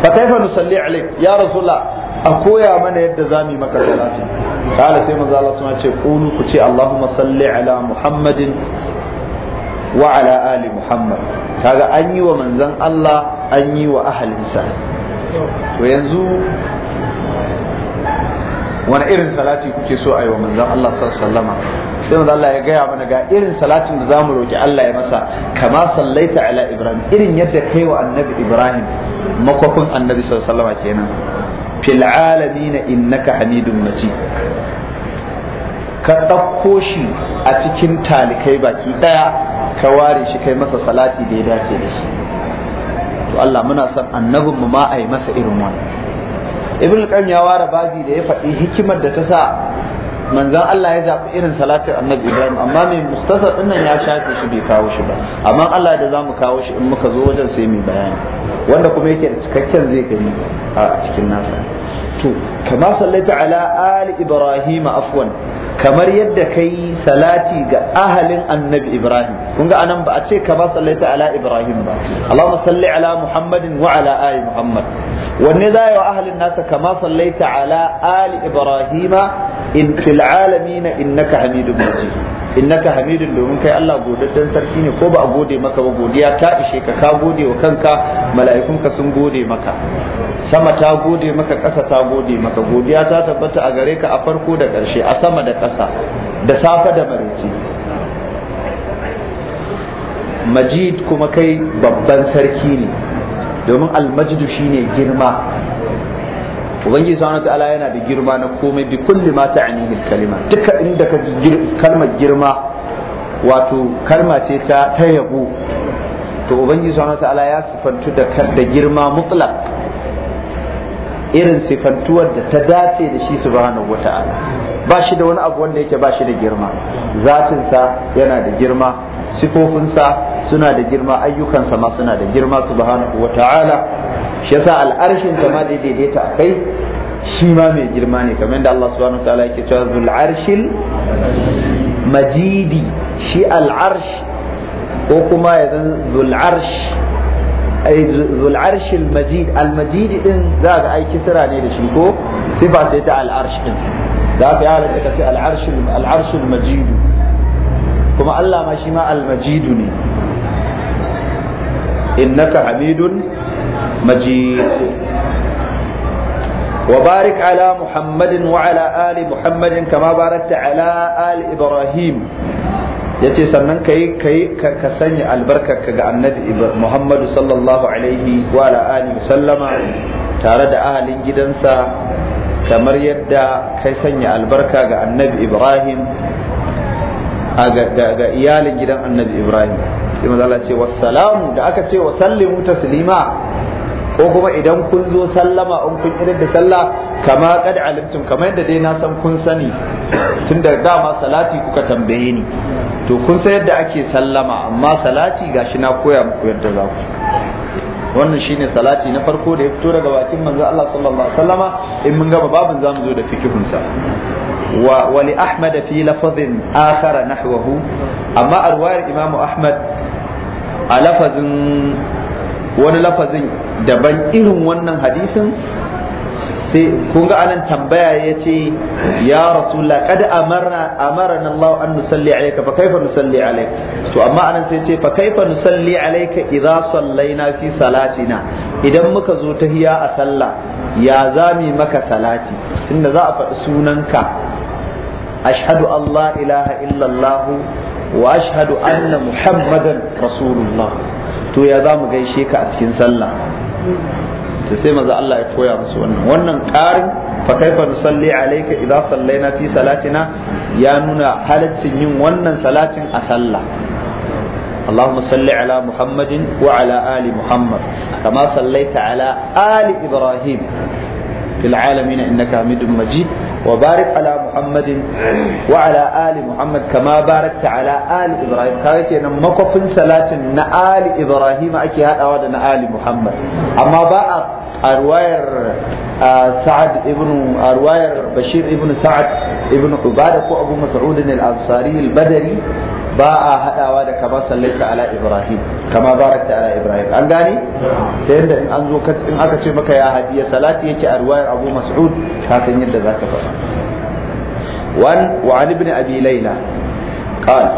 fa kaifa nusalli 'alaik ya rasulullah a koya mana yadda za mu yi maka salati kala sai manzo Allah sun ce qulu ku ce Allahumma salli ala Muhammadin wa ala ali Muhammad kaga an yi wa manzon Allah an yi wa ahalinsa to yanzu wani irin salati kuke so a yi wa manzan Allah sallallahu sai manzon Allah ya gaya mana ga irin salatin da zamu roƙi Allah ya masa kama sallaita ala Ibrahim irin yadda kai wa annabi Ibrahim makwafin annabi sallama kenan fil alamin innaka hamidun majid ka ɗauko shi a cikin talikai baki ɗaya ka ware shi kai masa salati da ya dace da shi to Allah muna son annabinmu ma a yi masa irin wannan ibn al ya ware babi da ya faɗi hikimar da ta sa manzon Allah ya zaɓi irin salatin annabi Ibrahim amma mai muktasar ɗinnan ya shafe shi bai kawo shi ba amma Allah da zamu kawo shi in muka zo wajen sai mu bayani wanda kuma yake da cikakken zai gani a cikin nasa to kama sallaita ala ali ibrahim afwan kamar yadda yi salati ga ahalin annabi ibrahim kun ga anan ba a ce ka ba sallaita ala ibrahim ba allahumma salli ala muhammadin wa ala ali muhammad wanne za yi wa ahalin nasa kama sallaita ala ali ibrahima in fil alamin innaka hamidu majid innaka hamidun domin kai Allah godaddan sarki ne ko ba a gode maka ba godiya ta ishe ka ka gode wa kanka mala'ikunka sun gode maka sama ta gode maka ƙasa ta gode maka godiya ta tabbata a gare ka a farko da ƙarshe a sama da ƙasa da safa da maraice majid kuma kai babban sarki ne domin almajidu shine girma ubangiji subhanahu ta'ala yana da girma na komai bi kulli ma ta'nihi kalima duka inda ka kalmar girma wato kalma ce ta ta yabo to ubangiji subhanahu ta'ala ya sifantu da da girma mutlaq irin sifantuwar da ta dace da shi subhanahu wata'ala ba shi da wani abu wanda yake ba shi da girma zatinsa yana da girma sifofinsa suna da girma ayyukansa ma suna da girma subhanahu wa ta'ala shi yasa al'arshin ta ma daidaita a kai shi ma mai girma ne kamar yadda Allah subhanahu wa ta'ala yake cewa zul arshil majidi shi al'arsh ko kuma yanzu zul arsh eh, zul arshil majid al majidi din za ga ai ne da shi ko sifa ta al arsh din za ka yi halatta ka ce al arshil kuma Allah ma shi ma almajidu ne innaka hamidun majid وبارك على محمد وعلى آل محمد كما باركت على آل ibrahim yace sannan kai kai ka sanya albarka ga annabi ibrahim Muhammadu sallallahu alaihi wa ala alihi sallama tare da ahalin gidansa kamar yadda kai sanya albarka ga annabi Ibrahim ga iyalin gidan annabi ibrahim sai maza Allah ce wasalamu da aka ce wasallimu ta taslima ko kuma idan kun zo sallama in kun irin da sallah kama kad alimtum kamar yadda dai na san kun sani tun da dama salati kuka tambaye ni to kun san yadda ake sallama amma salati gashi na koya muku yadda za ku wannan shine salati na farko da ya fito daga bakin manzo Allah sallallahu alaihi wasallama in mun gaba babin zamu zo da fikihunsa wa wali ahmad fi lafazin akhara nahwahu amma arwayar imamu ahmad a wani lafazin daban irin wannan hadisin sai kun ga anan tambaya ya ce ya rasulullah kad amarna amarna Allah an nusalli alayka fa kaifa nusalli alayk to amma anan sai fa kaifa nusalli alayka idza sallaina fi salatina idan muka zo tahiya a sallah ya zami maka salati tunda za a faɗi sunanka ashhadu an ilaha illallah ashhadu anna muhammadan rasulullah to ya gaishe ka a cikin sallah sai maza Allah ya koya musu wannan wannan ƙarin fa sallaina fi salatina ya nuna yin wannan salatin اللهم صل على محمد وعلى آل محمد كما صليت على آل إبراهيم في العالمين إنك حميد مجيد وبارك على محمد وعلى آل محمد كما باركت على آل إبراهيم كاكي نمكفن صلاة نا آل إبراهيم أكي هذا ودا نا آل محمد أما باء أرواير سعد ابن أرواير بشير ابن سعد ابن عبادة أبو مسعود الأنصاري البدري ba a hadawa da kama sallaita ala ibrahim kama barakta ala ibrahim an gane ta yadda in an zo in aka ce maka ya hadiya salati yake a ruwayar abu mas'ud kafin yadda zaka faɗa wan wa an ibn abi layla قال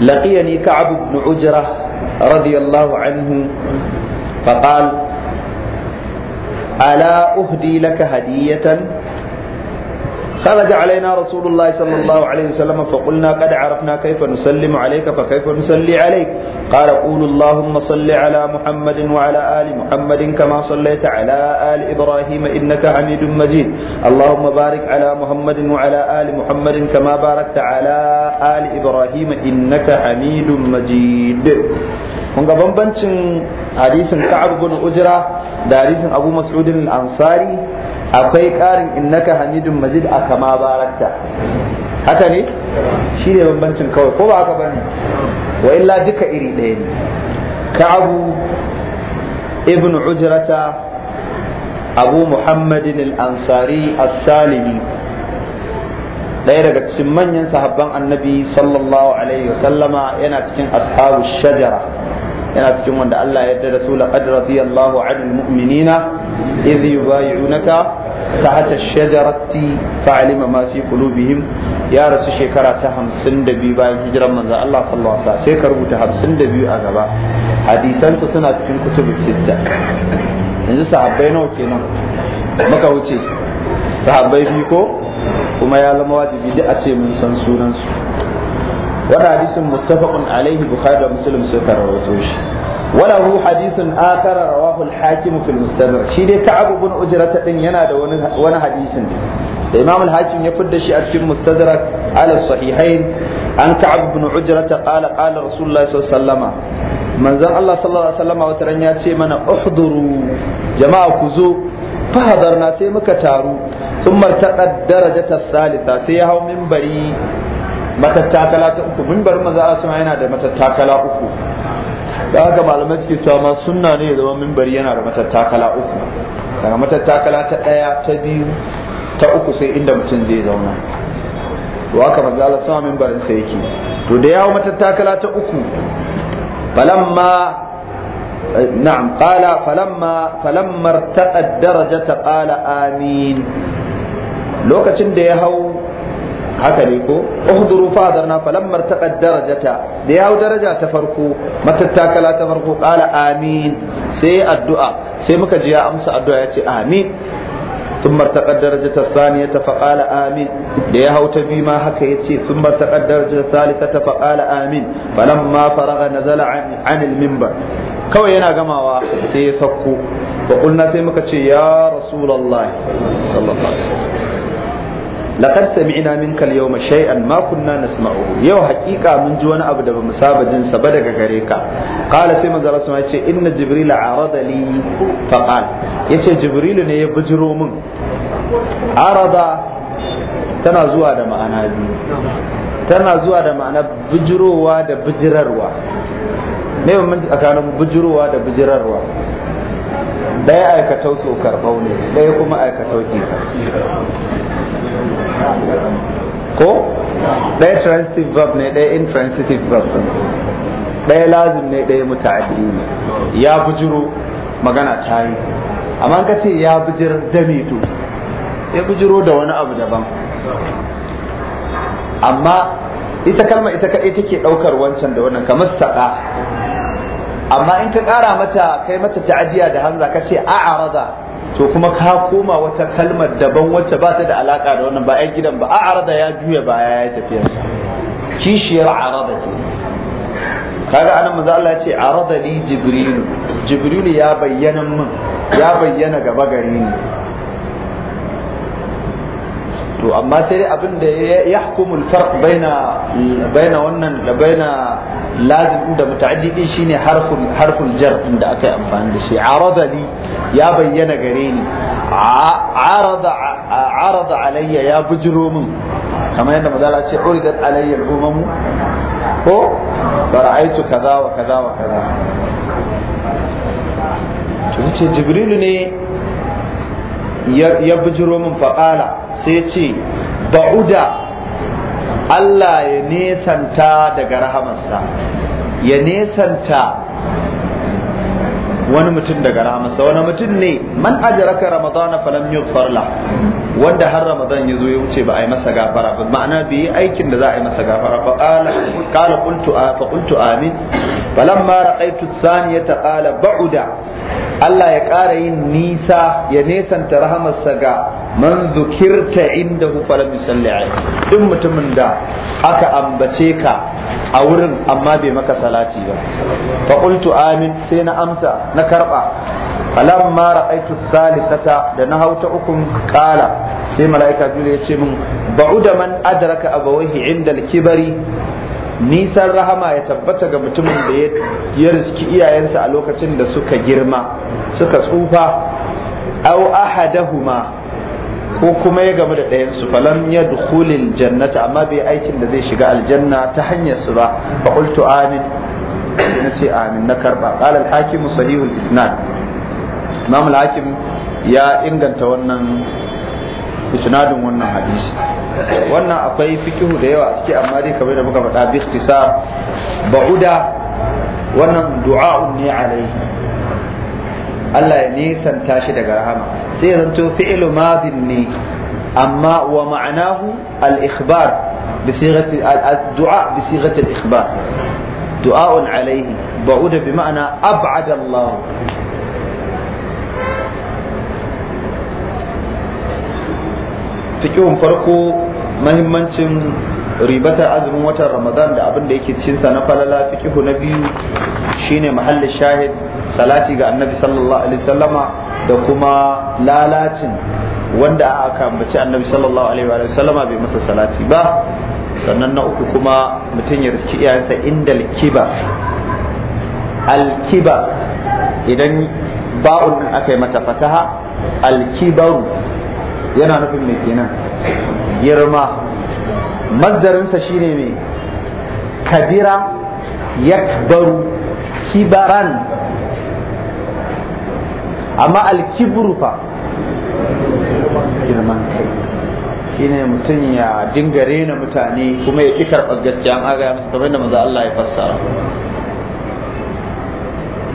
لقيني كعب بن عجرة radiyallahu anhu. عنه فقال ألا أهدي لك هدية خرج علينا رسول الله صلى الله عليه وسلم فقلنا قد عرفنا كيف نسلم عليك فكيف نسلي عليك قال قولوا اللهم صل على محمد وعلى آل محمد كما صليت على آل إبراهيم إنك حميد مجيد اللهم بارك على محمد وعلى آل محمد كما باركت على آل إبراهيم إنك حميد مجيد kunga bambancin hadisin ka'ab bin ujra da hadisin abu mas'udin al-ansari akwai ƙarin innaka hamidun majid a kama barakta haka ne shi ne bambancin kawai ko ba haka ba ne wa illa duka iri ɗaya ne ka'abu ibn ujrata abu muhammadin al-ansari al-salimi ɗaya daga cikin manyan sahabban annabi sallallahu alaihi wasallama yana cikin ashabu shajara yana cikin wanda Allah ya yarda Rasul su laqad radiyallahu 'anil mu'minina idh yubay'unaka tahta ash-shajarati fa'alima ma fi qulubihim ya rasu shekara ta 52 bayan hijiran manzon Allah sallallahu alaihi wasallam sai ka rubuta 52 a gaba hadisansa suna cikin kutubu sitta yanzu sahabbai nawa kenan muka wuce sahabbai biyu ko kuma ya zama wajibi duk a ce mun san wannan hadisin muttafaqun alaihi bukhari da muslim sai ka rawaito shi wala hu hadisun akara rawahu al-hakim fi al-mustadrak shi dai ka'ab ibn ujrata din yana da wani wani hadisin da imam al-hakim ya fidda shi a cikin mustadrak ala sahihain an ka'ab ibn ujrata qala qala rasulullah sallallahu alaihi wasallam manzon Allah sallallahu alaihi wasallam wata ran ya ce mana uhduru jama'a ku zo na sai muka taru sun martaqad darajata thalitha sai ya hawo minbari matattakala ta uku mun bar manzo Allah yana da matattakala uku da haka malamai suke cewa ma sunna ne zama minbari yana da matattakala uku daga matattakala ta ɗaya ta biyu ta uku sai inda mutum zai zauna to haka manzo Allah sama minbarin sa yake to da yawo matattakala ta uku falamma eh, na'am qala falamma falamma irtaqa ta qala amin lokacin da ya hau haka ne ko uhduru fadarna darajata da ya hau daraja ta farko matattakala ta farko amin sai addu'a sai muka ji ya amsa addu'a ya ce amin ثم ارتقى الدرجة الثانية فقال آمين ليهوت بما هكا يتي ثم ارتقى kawai yana gamawa sai ya sauko wa kulna sai muka ce ya rasulullahi sallallahu alaihi wasallam laqad sami'na minka al-yawma shay'an ma kunna nasma'uhu yau haƙiƙa mun ji wani abu da bamu saba jin sa ba daga gare ka qala sai manzo Allah ya ce inna Jibrila arada li fa qala yace jibril ne ya bujiro min arada tana zuwa da ma'ana bi, tana zuwa da ma'ana bujirowa da bijirarwa me bambanci tsakanin bujirowa da bujirarwa, dai aikatau so karɓau ne dai kuma aikatau ƙiƙa ko ɗaya transitive verb ne ɗaya intransitive verb ɗaya lazim ne ɗaya muta'addi ne ya bujiro magana ta yi amma ka ce ya bujir damitu ya bujiro da wani abu daban amma ita kalma ita kaɗai take ɗaukar wancan da wannan kamar saƙa, amma in ka ƙara mata kai mata ta'addiya da hamza ka ce a'arada to kuma ka koma wata kalmar daban wacce ba ta da alaka da wannan ba ai gidan ba a'arada ya juya baya ya tafiyarsa kishiyar arada ke kaga anan manzo Allah ya ce arada li jibril jibril ya bayyana min ya bayyana gaba gare ni to amma sai dai abin da ya hukumul farq baina baina wannan da baina lazim da muta'addi din shine harful harful jar din da aka yi amfani da shi arada li ya bayyana gare ni arada arada alayya ya bujiro min kamar yadda mazala ce uridat alayya al ko bara'aitu kaza wa kaza wa kaza to ce jibrilu ne ya bijiro min faƙala sai ce ba'uda Allah ya nesanta daga rahamarsa ya nesanta wani mutum daga rahamarsa wani mutum ne man ajaraka ramadana falam yughfar farla. wanda har ramadan ya zo ya wuce ba a yi masa gafara ba ma'ana bai yi aikin da za a yi masa gafara ba qala qala qultu fa qultu amin falamma raqaytu ta qala ba'uda Allah ya ƙara yin nisa ya nesanta rahamarsa ga man zukirta inda ku fara misali a duk mutumin da aka ambace ka a wurin amma bai maka salati ba fa qultu amin sai na amsa na karba ma ra'aytu Salisata da na hauta ukun ƙala. sai mala'ika biyu ya ce min ba'uda man adraka abawaihi inda al-kibari nisan rahama ya tabbata ga mutumin da ya riski iyayensa a lokacin da suka girma suka tsufa au ahadahuma ko kuma ya gamu da ɗayansu falam ya dukulin jannata amma bai aikin da zai shiga aljanna ta hanyar su ba fa qultu amin na ce amin na karba qala al-hakim sahihul isnad imam al-hakim ya inganta wannan isnadin wannan hadisi wannan akwai fikihu da yawa ciki amma dai kamar da muka faɗa bi ikhtisar ba'uda wannan du'a'un ne alaihi Allah ya nisanta shi daga rahama sai ya zanto fi'lu madin ne amma wa ma'anahu al-ikhbar bi sighati ad-du'a bi sighati al-ikhbar du'a'un alaihi ba'uda bi ma'ana ab'ada Allah fikihun farko mahimmancin ribatar azumin watan ramadan da abinda da yake cinsa na falala fikihu na biyu shine mahallin shahid salati ga annabi sallallahu alaihi Sallama. da kuma lalacin wanda aka ambaci annabi sallallahu alaihi wa sallama bai masa salati ba sannan na uku kuma mutum ya riski iyayensa inda alkiba alkiba idan ba'un aka yi mata fataha alkibaru yana nufin mai kenan girma mazdarinsa shine mai kabira yakbaru kibaran amma alkibru fa girman kai shine mutum ya dinga rena mutane kuma ya ƙi karɓar gaskiya an agaya masu kamar da maza Allah ya fassara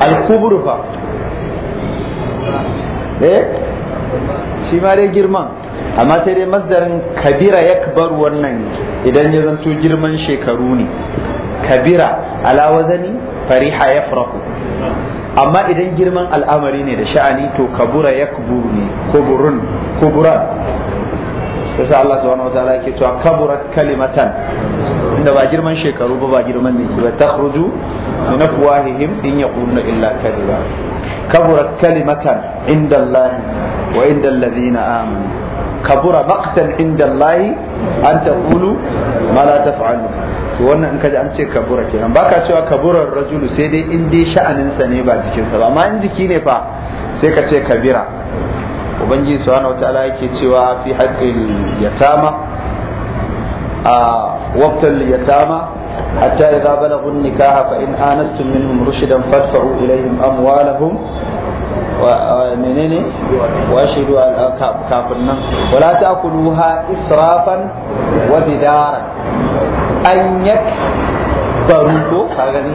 alkubru fa eh shi ma dai girman amma sai dai masdarin kabira kabar wannan idan ya zanto girman shekaru ne kabira ala wazani fariha ya yafrahu amma idan girman al'amari ne da sha'ani to kabura yakburu ne kuburun kubura sa Allah subhanahu wataala yake cewa kaburat kalimatan inda ba girman shekaru ba ba girman jiki ba takhruju min afwahihim in yaquluna illa kadhiba kaburat kalimatan inda Allah wa inda alladhina amanu kabura maqtan inda Allah an taqulu ma la to wannan in kaji an ce kabura kenan baka cewa kaburar rajulu sai dai in dai sha'anin sa ne ba jikinsa ba amma in jiki ne fa sai ka ce kabira ubangiji subhanahu wataala yake cewa fi haqqil yatama a waqtal yatama حتى إذا بلغوا النكاح فإن آنستم منهم رشدا فادفعوا إليهم أموالهم menene wa shaidu kafin nan wala ta kuluha israfan wa bidaran an yak baru ka gani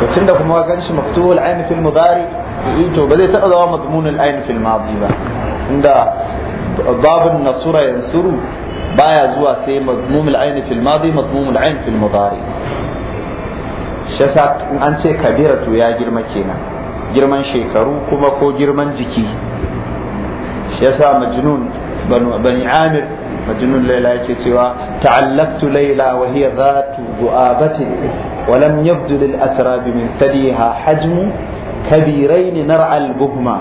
to tunda kuma ka ganshi maktuhul ayn fil mudari eh, to ba zai taɓa zama mazmunul ayn fil madi ba inda babun nasura yansuru baya zuwa sai mazmumul ayn fil madi mazmumul ayn fil mudari shi yasa an ce kabiratu ya girma kenan girman shekaru kuma ko girman jiki shi yasa majnun bani amir majnun laila yake cewa ta'allaqtu laila wa hiya dhatu du'abatin wa lam yabdu lil atrab min thadiha hajmu kabirain nar'a al buhma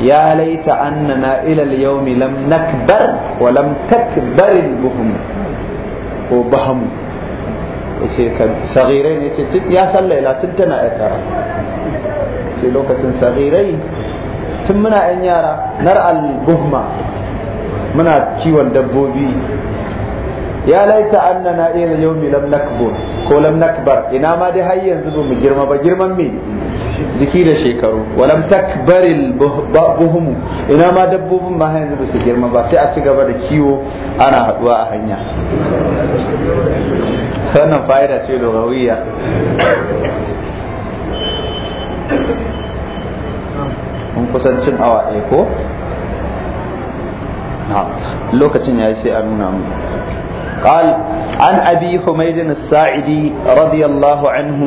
ya laita annana ila al yawm lam nakbar wa lam takbar al buhma ko bahamu yace kan sagirai ne yace ya san laila tun tana ce lokacin sagirai tun muna 'yan yara nar al-buhma muna kiwon dabbobi ya laita annana ila yaumi lam nakbur ko lam nakbar ina ma dai har yanzu ba mu girma ba girman me jiki da shekaru walam takbaril buhum ina ma dabbobin ba yanzu ba su girma ba sai a ci gaba da kiwo ana haduwa a hanya wannan fa'ida ce dogawiya mun kusancin awa ɗaya ko lokacin ya yi sai a nuna mu قال عن أبي حميد الساعدي رضي الله عنه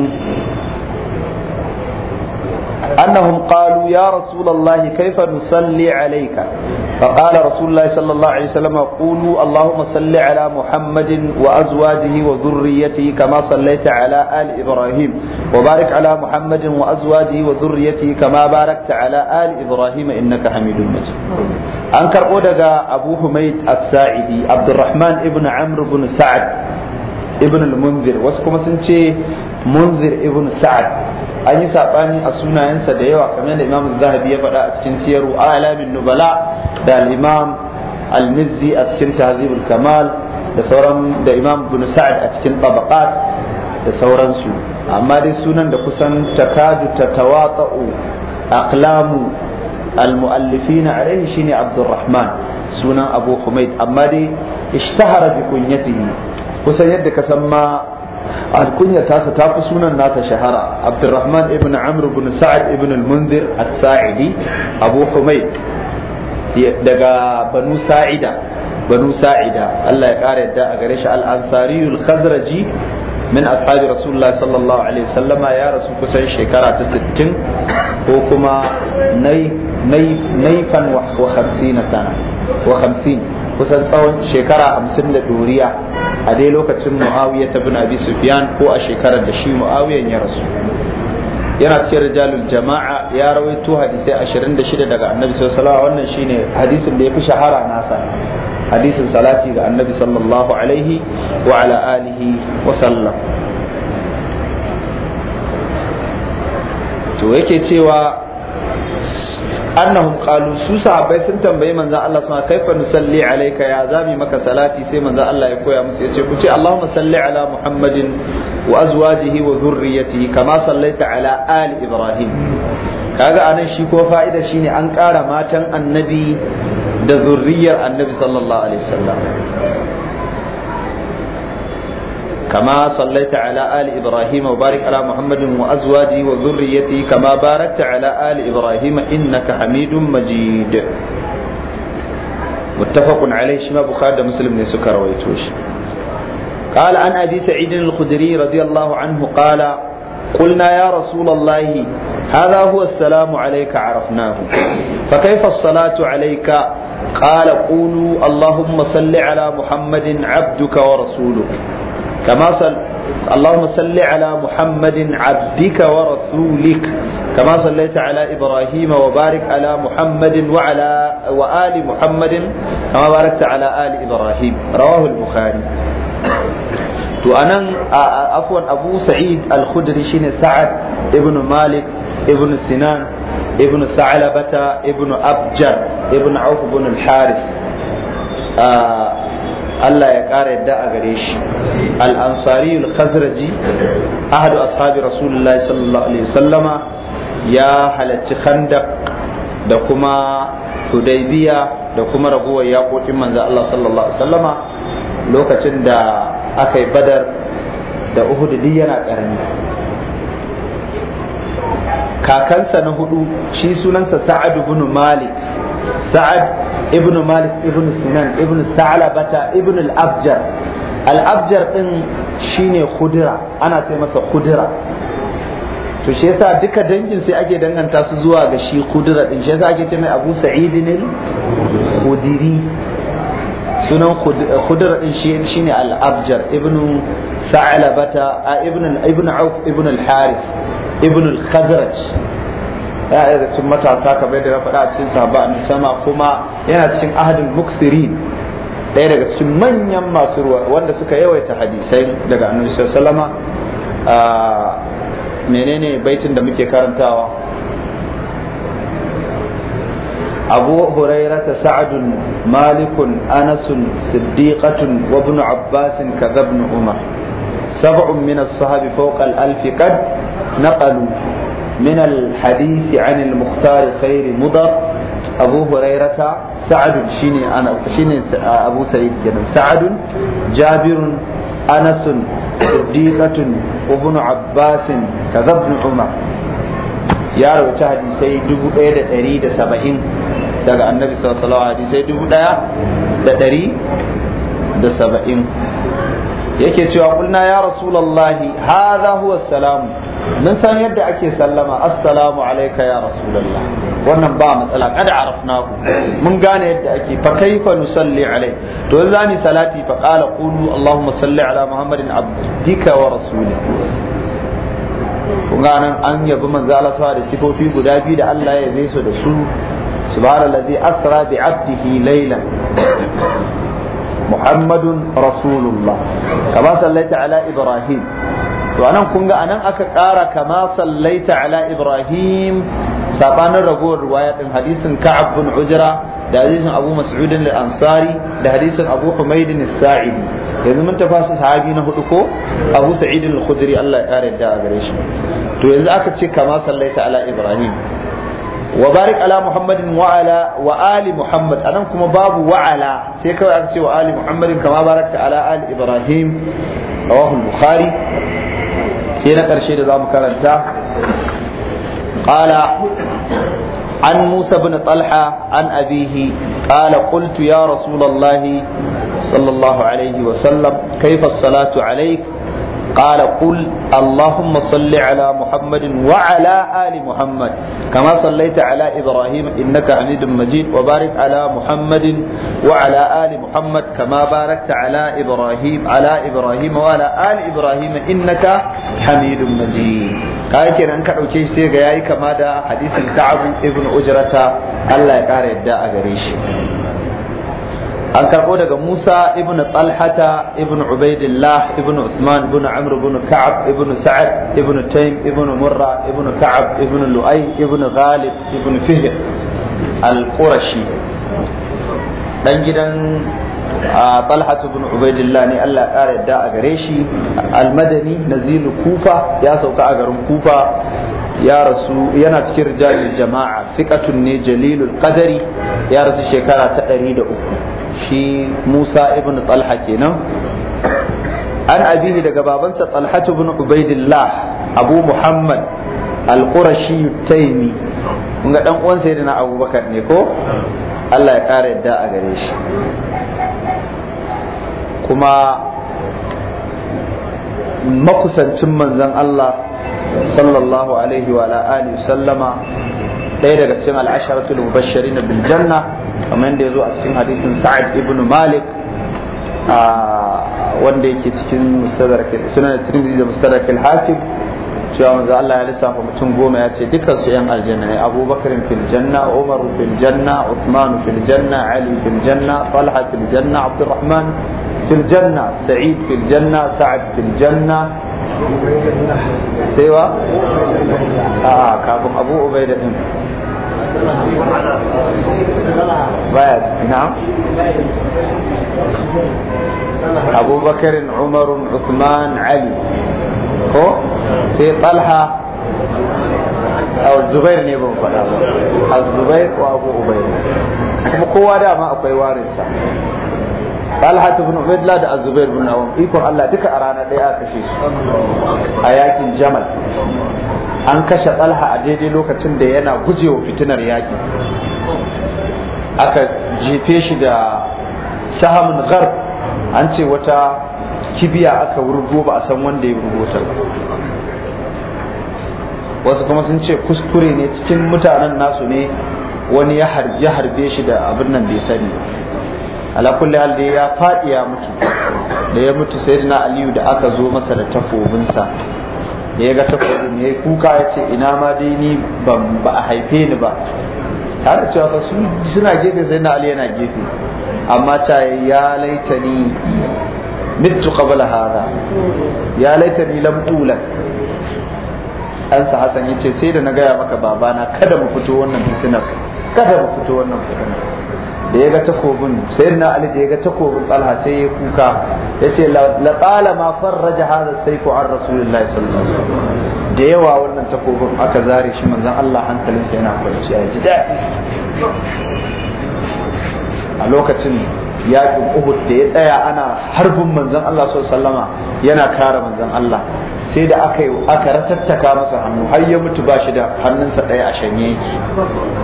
أنهم قالوا يا رسول الله كيف نصلي عليك فقال رسول الله صلى الله عليه وسلم قولوا اللهم صل على محمد وأزواجه وذريته كما صليت على آل إبراهيم وبارك على محمد وأزواجه وذريته كما باركت على آل إبراهيم إنك حميد مجيد أنكر أودغا أبو حميد الساعدي عبد الرحمن ابن عمرو بن سعد ibn al-munzir wasu kuma sun ce munzir ibn sa'ad an yi sabani a sunayensa da yawa kamar da imam zahabi ya faɗa a cikin siyaru alamin nubala da al-imam al-mizzi a cikin tahzibul kamal da sauran da imam ibn sa'ad a cikin tabaqat da sauransu amma dai sunan da kusan takadu tatawata'u aqlamu al-mu'allifina alayhi shine abdurrahman sunan abu humaid amma dai ishtahara bi kunyatihi kusan yadda ka san ma alkunya tasa ta fi sunan nasa shahara abdurrahman ibn amr ibn sa'ad ibn al-munzir as-sa'idi abu humayd daga banu sa'ida banu sa'ida Allah ya kare yadda a gare shi al-ansari al-khazraji min ashabi rasulullah sallallahu alaihi wasallama ya rasu kusan shekara ta 60 ko kuma nay nay naifan wa 50 sana wa 50 kusan tsawon shekara 50 da doriya a dai lokacin mu'awiyah ta bin abi sufyan ko a shekarar da shi mu'awiyah ya rasu yana cikin rijalul jama'a ya rawaito hadisi 26 daga annabi sallallahu alaihi wasallam wannan shine hadisin da ya fi shahara nasa hadisin salati ga annabi sallallahu alaihi wa ala alihi wa sallam to yake cewa annahum qalu su sahabbai sun tambayi manzon Allah suna kaifa nusalli alayka ya zami maka salati sai manzon Allah ya koya musu yace ku ce Allahumma salli ala Muhammadin wa azwajihi wa dhurriyyatihi kama sallaita ala ali Ibrahim kaga anan shi ko fa'ida shine an kara matan annabi da zurriyar annabi sallallahu alaihi wasallam كما صليت على آل إبراهيم وبارك على محمد وأزواجه وذريته كما باركت على آل إبراهيم إنك حميد مجيد متفق عليه شما بخاري مسلم نسكر ويتوش قال عن أبي سعيد الخدري رضي الله عنه قال قلنا يا رسول الله هذا هو السلام عليك عرفناه فكيف الصلاة عليك قال قولوا اللهم صل على محمد عبدك ورسولك كما صل اللهم صل على محمد عبدك ورسولك كما صليت على إبراهيم وبارك على محمد وعلى وآل محمد كما باركت على آل إبراهيم رواه البخاري to anan afwan abu sa'id al-khudri shine sa'ad ibn malik ibn sinan ibn sa'labata ibn abjar ibn auf ibn al-harith Allah ya ƙara yadda a gare shi al-ansari khazraji ahadu ashabi rasulullahi sallallahu alaihi sallama ya halarci khandaq da kuma hudaybiya da kuma raguwar yaƙoƙin manzan Allah sallallahu alaihi sallama lokacin da aka yi badar da uhududi yana ƙarami kakansa na hudu shi sunansa sa'adu ibn malik sa'ad ابن malik ابن sinan ابن سعلبة ابن al-abjar al شيني خدرة shine khudira ana to shi yasa duka dangin sai ake danganta su zuwa ga shi kudura din shi yasa ake ce mai abu sa'id ne Kudiri sunan kudura din shi shine al-abjar Ibnu sa'labata ibnu Ibnu auf Ibnu al-harith Ibnu al-khazraj ya ɗaya da cikin matasa kamar da na faɗa a cikin sahaba a sama kuma yana cikin ahadin muksirin ɗaya daga cikin manyan masu ruwa wanda suka yawaita hadisai daga annabi sallama a menene baitin da muke karantawa abu hurairata sa'adun malikun anasun siddiqatun wa ibn abbasin kadhabnu umar sab'un min as-sahabi fawqa al naqalu من الحديث عن المختار خير مضر أبو هريرة سعد شيني أنا شيني أبو سعيد كنا سعد جابر أنس صديقة وابن عباس كذا ابن عمر ya rubuta hadisai 1170 daga annabi sallallahu hadisai 1170 yake cewa kulna ya rasulullahi hadha huwa salamu mun san yadda ake sallama assalamu alayka ya rasulullah wannan ba matsala kada arafnahu mun gane yadda ake fa kaifa nusalli alai to yanzu zamu salati fa qala qulu allahumma salli ala muhammadin abdika wa rasulih kun an yabi manzo Allah sa da sifofi guda biyu da Allah ya yabe su da su subhanallazi asra bi abdihi laylan محمد رسول الله كما صليت على to anan kun ga anan aka ƙara kama sallaita ala ibrahim sabanin ragowar riwaya din hadisin ka'ab bin ujra da hadisin abu mas'ud al-ansari da hadisin abu humayd al-sa'idi yanzu mun tafi sahabi na hudu ko abu sa'id al-khudri Allah ya kare da gare shi to yanzu aka ce kama sallaita ala ibrahim wa barik ala muhammadin wa ala wa ali muhammad anan kuma babu wa ala sai kawai aka ce wa ali muhammadin kama barakta ala ali ibrahim rawahu al-bukhari sai na ƙarshe da zamu mu karanta an musa bin talha an abihi ƙala qultu ya rasulallahi sallallahu alaihi wa sallam kaifa قال قل اللهم صل على محمد وعلى آل محمد كما صليت على إبراهيم إنك حميد مجيد وبارك على محمد وعلى آل محمد كما باركت على إبراهيم على إبراهيم وعلى آل إبراهيم إنك حميد مجيد kai kenan ka dauke shi sai ga yayi kama da hadisin Ka'ab ibn Ujrata Allah ya kare yadda a gare shi an karbo daga Musa ibn Talhata ibn Ubaidillah ibn Uthman ibn Amr ibn Ka'ab ibn Sa'ad ibn Taym ibn Murra ibn Ka'ab ibn Lu'ay ibn Ghalib ibn Fihr al-Qurashi dan gidan Talhat ibn ne Allah ya kare yadda a gare shi al-Madani Kufa ya sauka a garin Kufa ya rasu yana cikin jama'a fiqatun ne jalilul qadari ya rasu shekara ta uku. shi Musa ibn Talha kenan an abihi daga babansa Talha ibn Ubaidillah Abu Muhammad al-Qurashi Taymi kun ga dan uwan sayyidina Abubakar ne ko Allah ya kara yadda a gare shi kuma makusancin manzon Allah sallallahu alaihi wa alihi sallama ɗaya daga cikin al'asharatul mubashirin bil janna kamar da ya zo a cikin hadisin sa'ad ibn malik wanda yake cikin mustadrakil sunan tirmidhi da mustadrakil hakim cewa manzo Allah ya lissafa mutum goma ya ce dukkan su yan aljanna ne Abu Bakar fil janna Umar fil janna Uthman fil janna Ali fil janna Talha fil janna Abdurrahman fil janna Sa'id fil janna Sa'ad fil janna sai wa a kafin Abu Ubaida din baya na'am abubakar umar ali ko sai talha a zubair ne ban faɗa ba a zubair abu ubair kuma kowa dama akwai warinsa talha ibn ubaidla da azubair ibn awam ikon allah duka a rana ɗaya aka kashe su a yakin jamal an kashe ɗalha a daidai lokacin da yana gujewa fitinar yaƙi aka jefe shi da sahamin gharb an ce wata kibiya aka wurgo ba a san wanda ya rubuta wasu kuma sun ce kuskure ne cikin mutanen nasu ne wani ya harbe shi da abin nan bai sani alakulli kulli hal dai ya faɗi ya mutu da ya mutu sayyidina aliyu da aka zo masa da takobinsa da ya ga takobin ne, kuka ya ce ina ma dai ni ba a haife ni ba tare da cewa su suna gefe sai na ali yana gefe amma ta ya laita ni mitu qabla hada ya laita ni lam tula ɗansa Hassan ya ce sai da na gaya maka babana kada mu fito wannan fitinar kada mu fito wannan fitinar da ya ga takobin na ali da ya ga takobin talha sai ya kuka yace la qala ma farraja hadha sayfu an rasulillahi sallallahu alaihi wasallam da yawa wannan takobin aka zare shi manzon Allah hankalinsa yana kwanciya ya ji daɗi a lokacin yaƙin Uhud da ya tsaya ana harbin manzon Allah sallallahu alaihi wasallama yana kare manzon Allah sai da aka aka ratattaka masa hannu har ya mutu ba shi da hannunsa ɗaya a shanye yake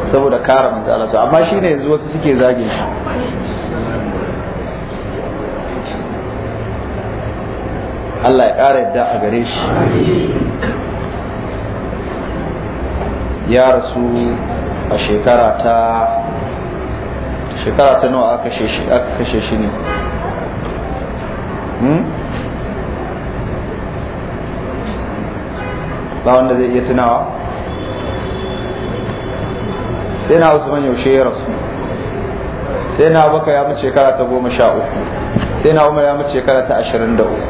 saboda kare manzo su amma shine yanzu wasu suke zage shi Allah ya ƙara yadda a gare shi ya rasu a shekara ta shekara ta nawa aka kashe shi ne hmm? ba wanda zai iya tunawa sai na usman yaushe ya rasu sai na baka ya mace shekara ta goma sha uku sai na umar ya mace shekara ta ashirin da uku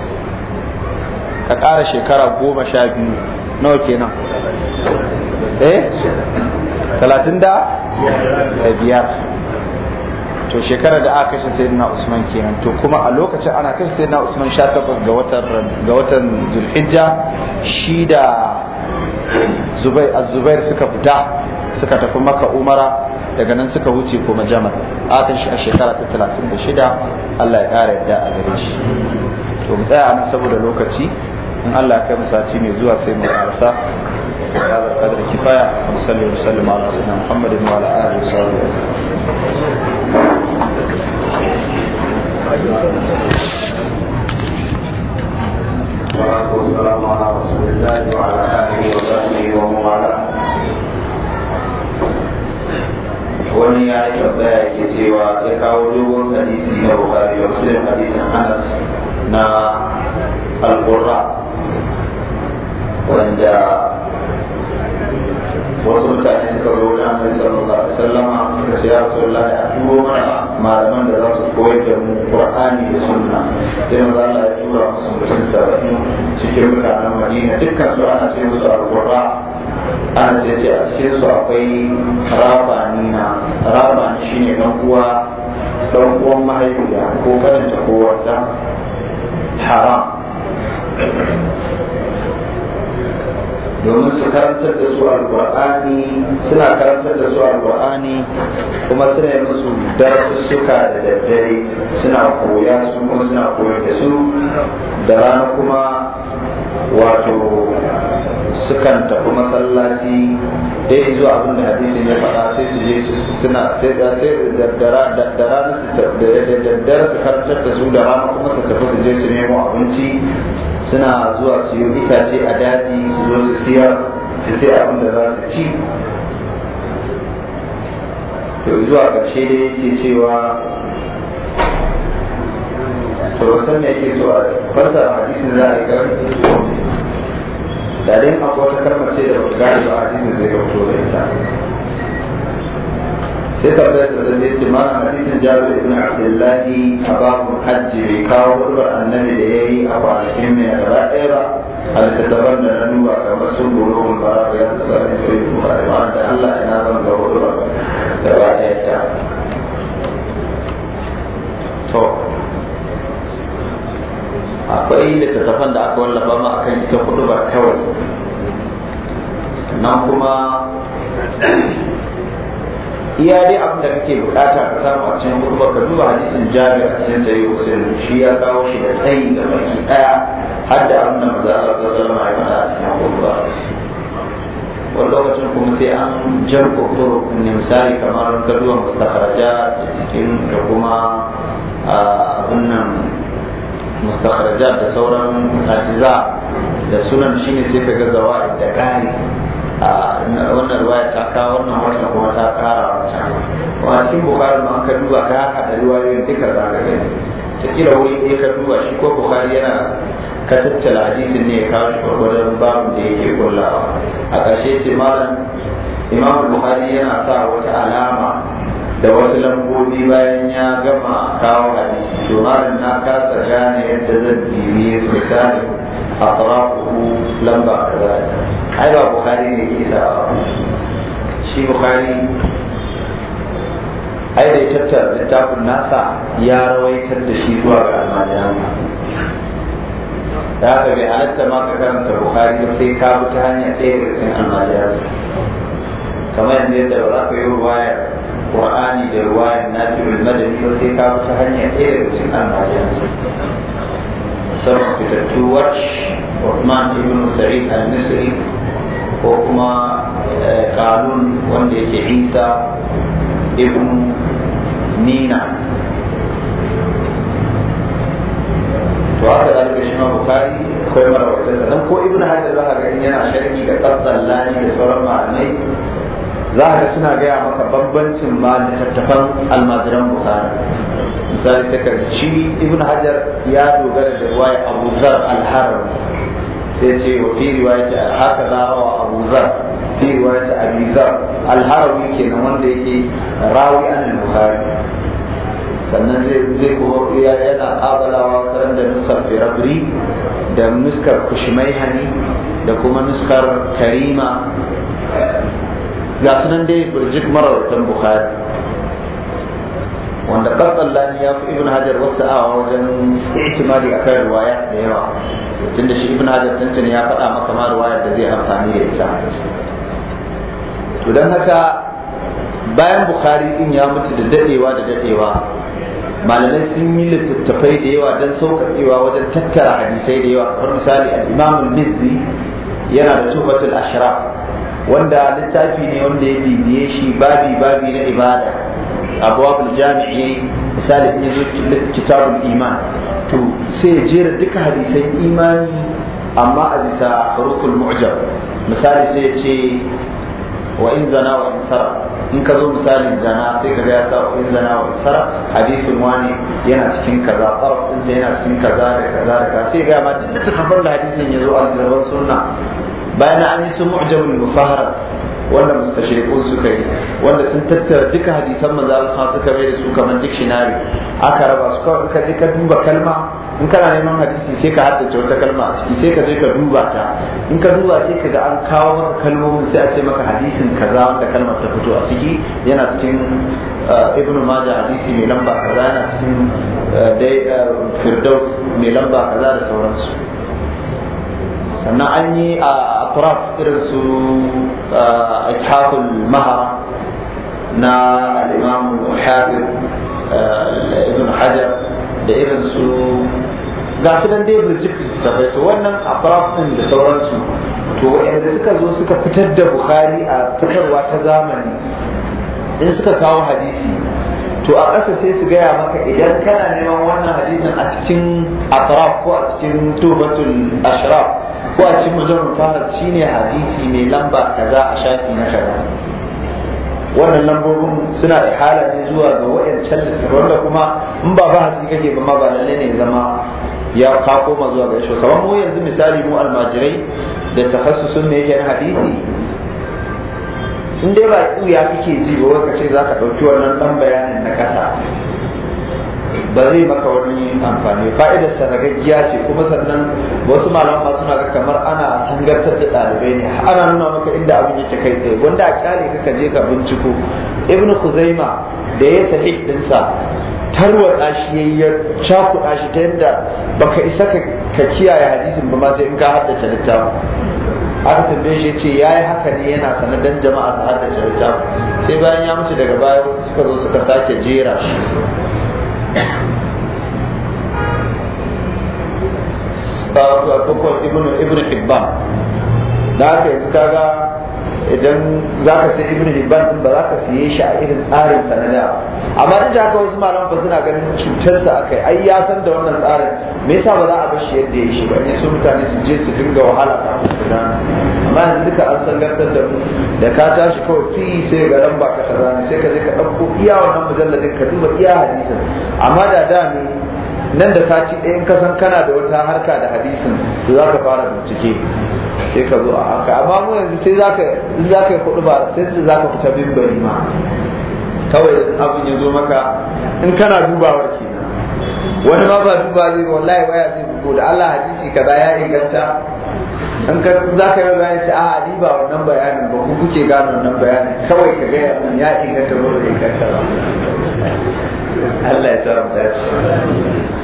ka ƙara shekara goma sha biyu nawa kenan eh talatin da biyar to shekara da aka kashe sai na usman kenan to kuma a lokacin ana kashe na usman sha takwas ga watan ga watan zulhijja shi da zubai suka fita suka tafi maka umara daga nan suka wuce kuma jamal akan shi a shekara ta 36 Allah ya ƙara yadda a gare shi to mu tsaya nan saboda lokaci in Allah ya kai mu sati mai zuwa sai mu karasa ya da kifaya mu salli mu salli ala sayyidina Muhammadin wa ala alihi wa sahbihi والصلاة والسلام على رسول الله وعلى آله وصحبه ومن والاه wani ya yi tambaya ke cewa ya kawo dogon hadisi na bukari da muslim hadisin anas na alƙurra wanda wasu mutane suka zo na annabi sallallahu alaihi wasallama suka ce ya rasulullah ya turo mana malaman da za su koyar da mu qur'ani da sunna sai manzo Allah ya tura musu mutum saba'in cikin mutanen Madina dukkan su ana ce musu al-qurra ana ce ce a cikin su akwai na rabani shine dan uwa dan uwan mahaifiya ko karanta ko wata haram domin su karantar da su alƙur'ani suna karantar da su alƙur'ani kuma suna yi musu darussuka da daddare suna koya su kuma suna koyar da su da rana kuma wato sukan tafi masallaci dai eh, zuwa abin da hadisin ya faɗa sai su je suna sai da sai da rana su daddara su karantar da su da rana kuma su tafi su je su nemo abinci suna zuwa su yi itace a daji su zo su siya su sai abin da za su ci to zuwa ƙarshe da yake cewa to san me yake so a fasa hadisin za a yi ƙarfi da dai akwai wata karmace da ba gari gane ba hadisin zai fito da ita sai tambaya su zama ce ma a hadisin jabir ibn abdullahi a babu hajji bai kawo hurbar annabi da ya yi a kwanakin mai gaba da na duba kamar sun da sai bukari ma da allah zan ga hurbar akwai littattafan da aka wallafa ma akan ita kawai sannan kuma iya dai abin da kake bukata ka samu a cikin hudumar ka duba hadisin jami'a a cikin sayi hussein shi ya kawo shi da tsayi da baki daya har da abin da maza Allah sallallahu alaihi a cikin hudumar wani lokacin kuma sai an jan turu ne misali kamar gaduwa mustakaraja da cikin da kuma abin nan mustakaraja da sauran ajiza da sunan shine sai ka ga da ƙari wannan ruwaya ta kawo wannan wata kuma ta kara wancan kuma cikin bukari ma ka duba ka haka da ruwayoyin duka za ka ta kila wuri ɗaya ka duba shi ko bukari yana ka tattala hadisin ne ya kawo shi gwargwadon babu da yake kullawa a ƙarshe ce malam imam buhari yana sa wata alama da wasu lambobi bayan ya gama kawo hadisi to malam na kasa gane yadda zan bibiye su ta a lamba kaza ai ba bukari ne ke isa shi bukari ai da ya tattara littafin nasa ya rawaitar da shi zuwa ga almajiransa da haka bai halatta ma ka karanta bukari ba sai ka bi ta hanya ɗaya daga cikin almajiransa kamar yanzu yadda ba za ka yi ruwayar ƙwa'ani da ruwayar nafi'ul madani ba sai ka bi ta hanya ɗaya daga cikin almajiransa musamman fitattu watch Uthman ibn Sa'id al-Misri ko kuma eh, kanun wanda yake isa ibn nina to haka zalika shi ma bukari akwai marawacin sa ko ibn hajar za ga ga yana sharhi da layi da sauran ma'anai za ka suna gaya maka bambancin ma tattafan almajiran bukari misali sai ka ci ibn hajar ya dogara da ruwaya abu zar al-haram sai ce wa fi riwayati haka za rawa abu zar fi riwayati abi zar al-harawi kenan wanda yake rawi an al-bukhari sannan zai kuma yana kabalawa karan da nuskar firabri da nuskar kushmaihani da kuma nuskar karima ga sunan dai burjik mararautan bukhari wanda kasallani ya fi ibn hajar wasu awa wajen itimali akan riwaya da yawa tun da shi ibn hajar tuntun ya faɗa maka ma ruwayar da zai amfani da ita to haka bayan bukhari din ya mutu da dadewa da dadewa malamai sun yi littattafai da yawa don sauƙaƙewa wajen tattara hadisai da yawa kamar misali al-imam yana da tubatul ashraf wanda littafi ne wanda ya bibiye shi babi babi na ibada abwabul jami'i misali in yazo kitabul iman to sai jera duka hadisan imani amma a bisa rukul mu'jam misali sai ce wa in zana wa in sara in ka zo misali zana sai ka ga ya sa wa in zana wa in sara hadisin wani yana cikin kaza tsarafin sai yana cikin kaza da kaza da kaza sai ga ma duk da da hadisin yazo zo a sunna bayan an yi su mu'jamul mufaharas wanda mustashrikun suka yi wanda sun tattara duka hadisan manzo sa suka mai da su kamar dictionary aka raba su kawai ka je ka duba kalma in kana neman hadisi sai ka haddace wata kalma a ciki sai ka je ka duba ta in ka duba sai ka ga an kawo maka kalmomin sai a ce maka hadisin kaza wanda kalmar ta fito a ciki yana cikin uh, ibn majah hadisi mai lamba kaza yana cikin uh, uh, firdaus mai lamba kaza da sauransu sannan an yi a turaf irin su ithaful mahara na al'imam al-hafiz ibn hajar da irin su ga su dan dai burjik littattafai to wannan abraf din da sauransu to yadda suka zo suka fitar da bukhari a fitarwa ta zamani in suka kawo hadisi to a ƙasa sai su gaya maka idan kana neman wannan hadisin a cikin atraf ko a cikin tubatul ashraf ko a cikin mujarrad mufarad shine hadisi mai lamba kaza a shafi na kaza wannan lambobin suna da hala ne zuwa ga wa'yan lissafi wanda kuma in ba bahasi kake ba ma ba lalle ne zama ya ka koma zuwa ga shi kamar mu yanzu misali mu almajirai da takhassusun ne yake na hadisi in dai ba ya kake ji ba ka ce zaka ka ɗauki wannan ɗan bayanin na kasa ba zai maka wani amfani fa'idar sanagaggiya ce kuma sannan wasu malaman ma suna ga kamar ana hangartar da ɗalibai ne ana nuna maka inda abin yake kai tsaye wanda a kyale ka je ka binciko ibn kuzaima da ya sahi ɗinsa tarwatsa shi yayi ya shi ta yadda baka isa ka kiyaye hadisin ba ma in ka haddace littafin aka tambaye shi ce ya yi haka ne yana sanar jama'a su haddace littafin sai bayan ya mutu daga baya wasu suka zo suka sake jera shi akwai ibn ibn hibban da yi yanzu kaga idan za ka sai ibn hibban ba za ka siye shi a irin tsarin sa da amma da haka wasu malaman fa suna ganin cutar sa akai ai ya san da wannan tsarin me yasa ba za a bar yadda ya shi ba ne su mutane su je su dinga wahala kafin musu gane amma yanzu duka an sangartar da mu da ka tashi kawai fi sai ga ran ba ka kaza ne sai ka je ka ɗauko iya wannan mujalladin ka duba iya hadisin amma da da ne nan da sati ɗaya in kasan kana da wata harka da hadisin to za ka fara bincike sai ka zo a haka amma mu yanzu sai za ka za ka yi kuɗi ba sai da za ka fita bari ma kawai abin ya zo maka in kana dubawar kenan wani ma ba duba zai ba wallahi waya zai bugo da Allah hadisi kaza ya inganta in ka za ka yi bayani ce a ni ba wannan bayanin ba ku kuke gano wannan bayanin kawai ka gaya mun ya inganta ba bai inganta ba Allah ya samu dace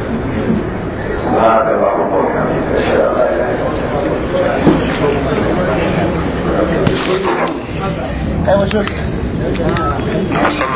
Thank you.